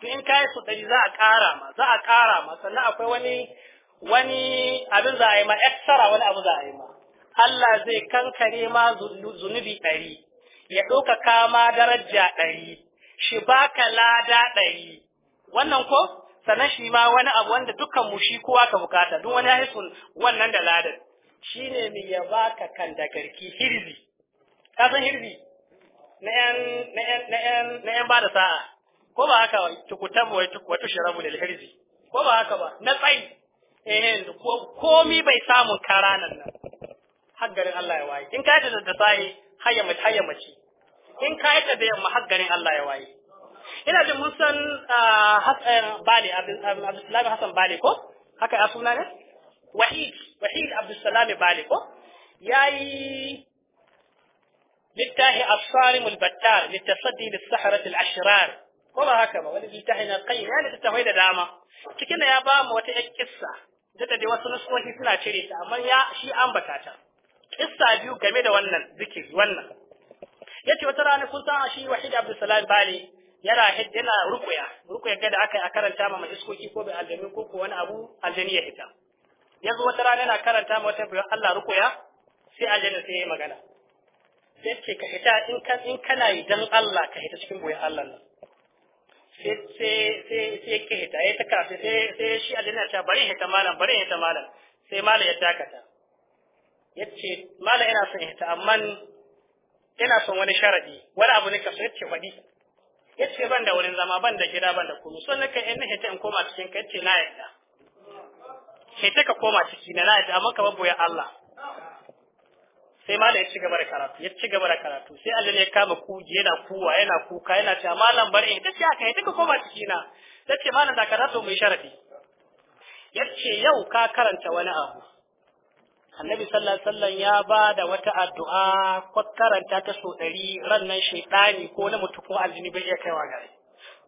to in ka yi sau ɗari za a ƙara ma za a ƙara ma sannan akwai wani wani abin za a yi ma extra wani abu za a yi ma Allah zai kankare ma zunubi ɗari ya ɗaukaka ma daraja ɗari shi baka lada ɗari wannan ko sannan shi ma wani abu wanda dukkan mu shi kowa ka bukata duk wani ya wannan da ladar ne mai ya baka kan da garki hirbi ka san hirbi na yan na yan na yan na yan ba da sa'a ko ba haka tukutan wai wato sharabu da hirbi ko ba haka ba na tsayi eh komi bai samun karanan nan har garin Allah ya waye in ka da da sai hayya mace hayya mace in ka yi ta biyan har Allah ya waye ina jin mun san ah, Hassan eh, Bale Abdulsalam Hassan Bali ko haka ya suna ne Wahid Wahid Abdulsalam Bale ko yayi littahi a sarim al-battar litasaddi lis-sahrat al ko ba haka ba wani littahi na kai ya littafi da dama cikin ya ba mu wata ƴan kissa da da wasu nusohi suna cire ta amma ya shi ambata ta kissa biyu game da wannan zikiri wannan yace wata rana kun san shi wahid Salam bali yana yana rukuya rukuya kada akai a karanta ma majiskoki ko bai aljami ko ko wani abu aljani ya hita yanzu wata rana yana karanta ma wata bayan Allah rukuya sai aljani sai yayi magana sai ce ka hita in kan in kana yi dan Allah ka hita cikin boye Allah nan sai sai sai sai ka hita ya ta sai sai shi aljani ya ce bari hita malam bari hita malam sai malam ya dakata yace malam ina son hita amma ina son wani sharadi wani abu ne ka so yace faɗi yace ban da wurin zama ban da gida ban da komai so naka in na hita in koma cikin ka yace na yadda hita ka koma ciki na yadda amma ka babu ya Allah sai malam ya ci gaba da karatu ya ci gaba da karatu sai Allah ya kama kuji yana kuwa yana kuka yana cewa malam bari in tace aka hita ka koma ciki na yace malam da karatu mai sharadi yace yau ka karanta wani abu annabi sallallahu alaihi wasallam ya ba da wata addu'a ko karanta ta so ɗari rannan shaidani ko na mutu ko aljini bai iya kaiwa gare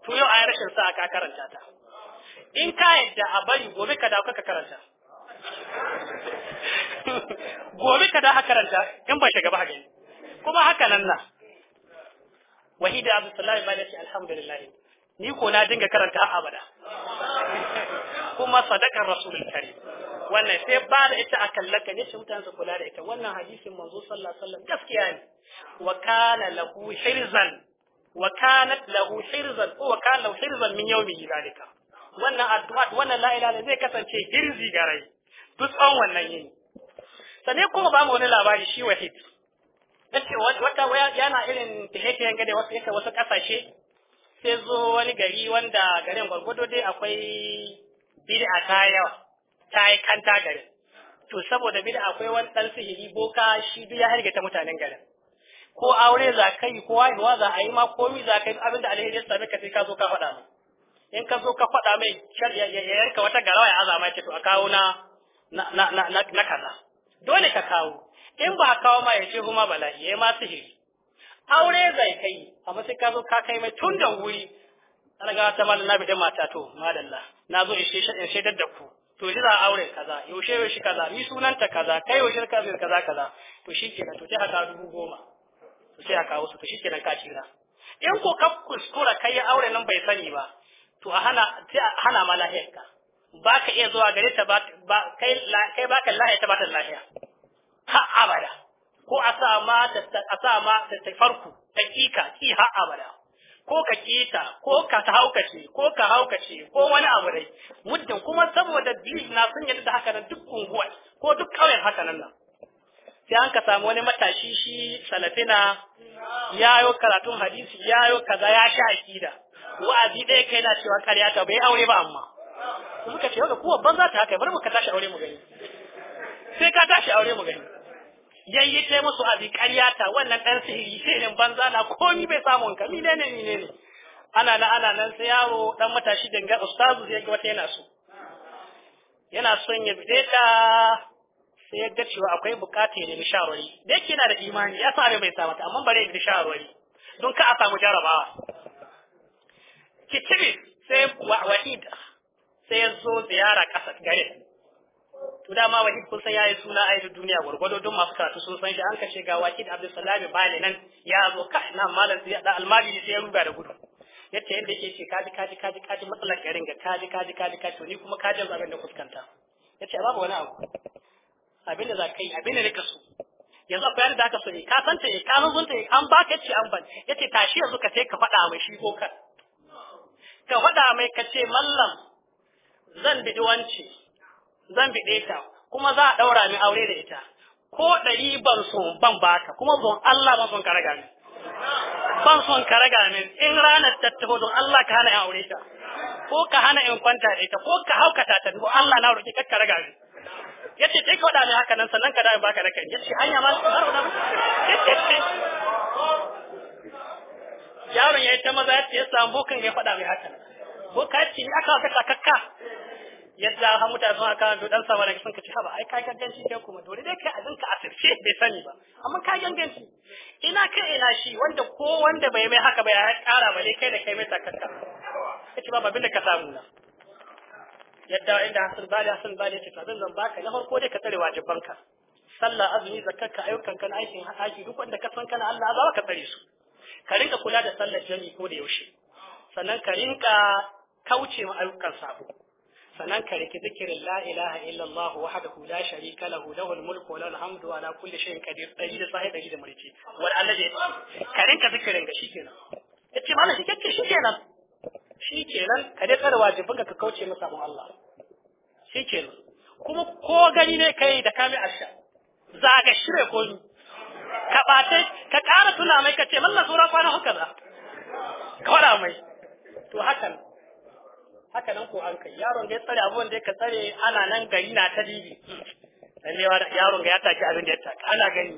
to yau a rashin sa ka karanta ta in ka yadda a bari gobe ka dawo ka karanta gobe ka dawo karanta in ba shiga ba gani kuma haka nan na wahida alaihi wasallam alhamdulillah ni ko na dinga karanta abada kuma sadakar rasulul karim wannan sai ba da ita a kallaka ne sai mutane su kula da ita wannan hadisin manzo sallallahu alaihi wasallam gaskiya ne wa kana lahu hirzan wa kanat lahu hirzan wa kana lahu hirzan min yawmi zalika wannan addu'a wannan la ilaha zai kasance hirzi garai duk tsawon wannan yini sane kuma ba mu wani labari shi wahid yace wata waya yana irin tahiyan gade wasu yake wasu kasashe sai zo wani gari wanda garin gwargwado dai akwai bid'a ta yawa ta yi kanta garin to saboda bida akwai wani ɗan sihiri boka shi duk ya ta mutanen garin ko aure za ka yi ko haihuwa za a yi ma komi za ka yi abin da alheri ya same ka ka zo ka faɗa mai in ka zo ka faɗa mai shar ya yarka wata garawa ya azama ce to a kawo na kaza dole ka kawo in ba kawo ma ya ce kuma bala'i ya ma sihiri aure zai kai amma sai ka zo ka kai mai tun da wuri ana ga ta na bi mata to madalla na zo in shaidar da ku to shi za a aure kaza yaushe yaushe kaza ni sunanta kaza kai yaushe ka zai kaza kaza to shi to sai a kawo dubu goma to sai a kawo su to shi kenan ka tsira in ko ka kuskura kai ya aure nan bai sani ba to a hana sai a hana ma ka ba ka iya zuwa gare ta ba kai kai ba ka lahiyar ta ba ta lahiya ha abada ko a sa ma ta a sa ma ta farku dakika ki ha abada ko ka kita ko ka haukace ko ka haukace ko wani abu dai muddin kuma saboda bilis na sun yadda haka nan duk kunguwa ko duk kawai haka nan nan sai an ka samu wani matashi shi salafina yi karatun hadisi ya yi kaza ya sha akida wa'azi ɗaya kai na cewa ƙarya ta bai aure ba amma muka ce yau da kuwa banza ta haka bari mu ka tashi aure mu gani sai ka tashi aure mu gani yayi ta musu abi ta wannan dan sihiri shirin banza na komi bai samu ka mine ne ne ana la ana nan sai yaro dan matashi danga ustazu sai ga wata yana so yana so ya bide ta sai ya ga cewa akwai bukata ya nemi shawarwari da yake yana da imani ya sare mai samu amma bare ya bi shawarwari don ka a samu jarabawa kitibi sai wa'id sai zo ziyara kasar garin to dama wahid kun san yayi suna a yi duniya gwargwado don masu karatu sun san shi an kashe ga wakil abdulsalami bani nan ya zo ka na malam sai da almajiri sai ya ruga da gudu yace yadda yake ce kaji kaji kaji kaji matsalar garin ga kaji kaji kaji kaji to ni kuma kaji abin da fuskanta yace babu wani abu abin da za ka yi abin da nika so yanzu akwai yadda aka so eh, ka san ta eh, ka san ta eh, an baka ce an ban yace tashi yanzu ka ce ka faɗa mai shi ko ka ka faɗa mai ka ce mallam zan bidi wance zan biɗe ta kuma za a ɗaura min aure da ita ko ɗari ban so ban baka kuma zon Allah ban son ka raga min ban son ka raga min in ranar ta taho don Allah ka hana in aure ta ko ka hana in kwanta da ita ko ka haukata ta don Allah na roƙi ka raga min yace ce ka faɗa min haka nan sannan ka dawo baka da kai yace hanya ma har wala yaron ya yi ta maza ya ce ya samu bokan ya faɗa mai haka ko ka ce ni aka saka kakka yadda har mutane suna kan dan sama da sun kace haba ai ka ganganci kai kuma dole dai kai abin ka asirce bai sani ba amma ka ganganci ina kai ina shi wanda ko wanda bai mai haka ba ya kara bale kai da kai mai takarka kace ba babin da ka samu na yadda inda hasan bali hasan bali ce abin zan baka na farko dai ka tsare ka sallah azumi zakarka ayyukan kan aikin haƙi duk wanda ka san kana Allah ba ka tsare su ka rinka kula da sallar jami'i ko da yaushe sannan ka rinka kauce ma ayyukan sabo sannan ka riki zikirin la ilaha illallah wahdahu la sharika lahu lahul mulku wa lahul hamdu ala kulli shay'in qadir dari da sai dari da mulki wal allazi ka rinka zikirin ga shikenan yace mana shi kake shikenan shikenan ka dai kada wajibin ka kauce masa mun Allah shikenan kuma ko gani ne kai da kami arsha za ga shire ko ka batai ka ƙara tuna mai ka ce mallan sura kwana hukar ka wada mai to hakan haka nan ko an kai yaron da ya tsare abu da ya tsare ana nan gari na ta dibi yaron ga ya taki abin da ya taka ana gani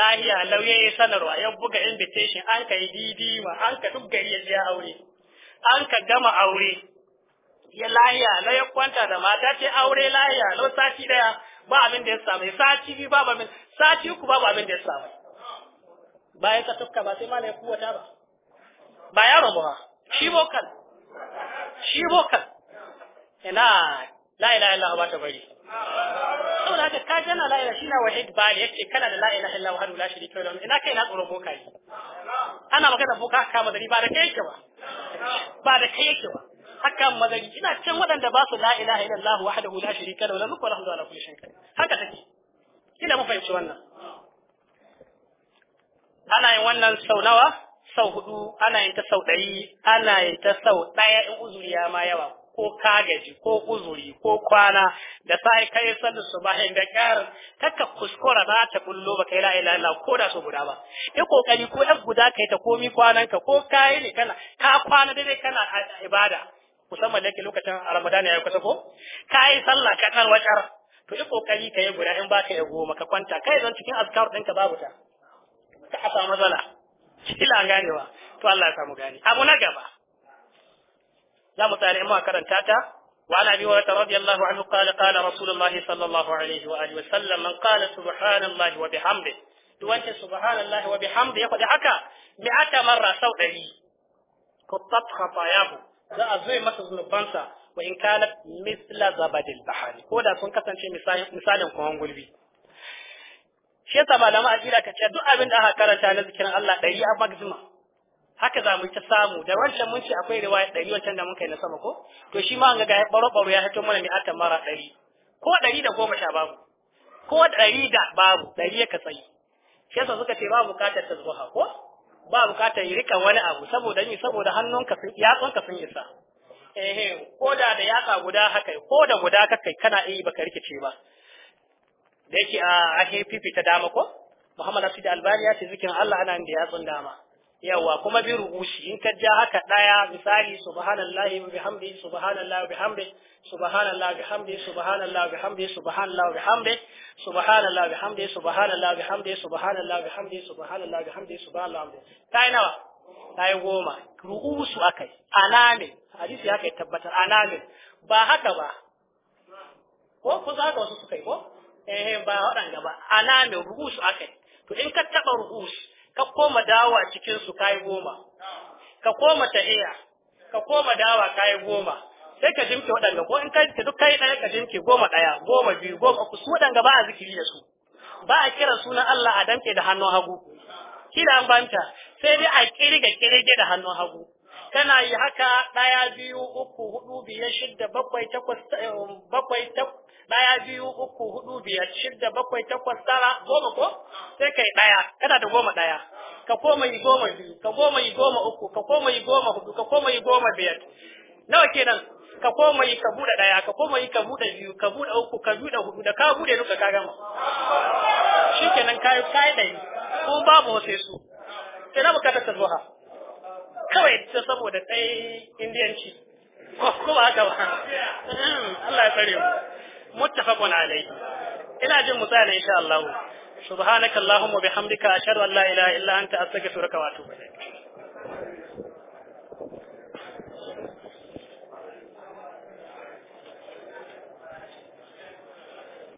lahiya lauye ya sanarwa ya buga invitation an kai didi ma an ka duk gari ya je aure an ka gama aure ya lahiya lau ya kwanta da mata ce aure lahiya lau sati daya ba abin da ya samu sati ba ba min sati uku babu abin da ya samu bayan ka tukka ba sai kuwa ta ba ba yaro ba shi bokan shi bokan ina la ilaha ta bari saboda haka ka jana la ilaha shine wahid bali yace kana da la ilaha illallah wahdahu la sharika ina kai na tsoron boka yi ana magana boka ka madari ba da kai yake ba ba da kai yake ba haka madari ina can waɗanda ba su la ilaha illallah wahdahu kai sharika lahu lahu alhamdu ala kulli shay'in haka take kina mu fahimci wannan ana yin wannan sau nawa sau hudu ana yin ta sau ɗari ana yin ta sau ɗaya in uzuri ya ma yawa ko kagaji ko uzuri ko kwana da sai kai sallar ba da kar taka kuskura ba ta bullo ba kai la ilaha illallah ko da so guda ba ya kokari ko ɗan guda kai ta komi kwanan ka ko kai ne kana ka kwana dai kana ibada musamman da lokacin Ramadan ya kusa ko kai sallah ka kan wajar to yi kokari ka yi guda in ba ka yi goma ka kwanta kai zan cikin azkar ɗinka babu ta ka asa matsala Kila ganewa, to Allah ya samu gani. Abu na gaba, za mu tsari ma karanta ta, wa ana biyu wa ta rabi Allah wa kala kala Rasulullahi sallallahu alaihi wa alihi wa sallam man kala subhanallah wa bihamdi. Duk wancan subhanallah wa ya faɗi haka, mai ata marra sau ɗari, ko tafka bayabu, za a zoye masa zunubansa, wa in kala misla zabadil ko da sun kasance misalin kwan gulbi. shi yasa malama akida ka ce duk abin da aka karanta na zikirin Allah dari a maxima haka za mu ta samu da wancan mun ce akwai riwaya dari wancan da mun kai na sama ko to shi ma an ga baro baro ya hito mana mai atan mara dari. ko dari da goma sha babu ko dari da babu dari ya katsayi shi yasa suka ce ba bukatar zuwa ko ba bukatar yi rika wani abu saboda ni saboda hannunka sun yatsunka sun isa ehe ko da da yatsa guda haka ko da guda kakai kana iya baka rikice ba da yake a ahe fifita dama ko Muhammad Asidi Albani ya ce zikirin Allah ana yin da yatsun dama yawa kuma bi rubushi in ka ja haka daya misali subhanallahi wa bihamdihi subhanallahi wa bihamdihi subhanallahi wa bihamdihi subhanallahi wa bihamdihi subhanallahi wa bihamdihi subhanallahi wa bihamdihi subhanallahi wa bihamdihi subhanallahi wa bihamdihi subhanallahi wa bihamdihi subhanallahi wa bihamdihi ta yi nawa ta yi goma rubusu akai alamin hadisi ya kai tabbatar alamin ba haka ba ko za ka wasu suka yi ko eh ba waɗanda ba ana mai ruhus akai to in ka taba ruhus ka koma dawa cikin su kai goma ka koma tahiya ka koma dawa kai goma sai ka jimke waɗanda ko in ka duk kai ɗaya ka jimke goma ɗaya goma biyu goma uku su waɗanda ba a zikiri da su ba a kira sunan Allah a danke da hannun hagu kila an banta sai dai a kirga kirge da hannun hagu kana yi haka ɗaya biyu uku hudu biyar shidda bakwai takwas eh, bakwai ɗaya biyu uku hudu biyar shidda bakwai takwas tara goma ko sai kai ɗaya kana da goma ɗaya ka koma yi goma biyu ka koma yi goma uku ka koma yi goma hudu ka koma yi goma biyar nawa kenan ka koma yi ka bude ɗaya ka koma yi ka bude biyu ka bude uku ka bude hudu da ka bude duka ka gama shikenan kai kai dai ko babu wasu su sai na ka ta zuwa kawai ta saboda ɗai indiyanci ko kuma haka ba hmm, Allah ya tsare mu muttafaqun alayh ina jin mu misali insha Allah subhanakallahumma bihamdika ashhadu an la ilaha illa anta astaghfiruka wa atubu ilayk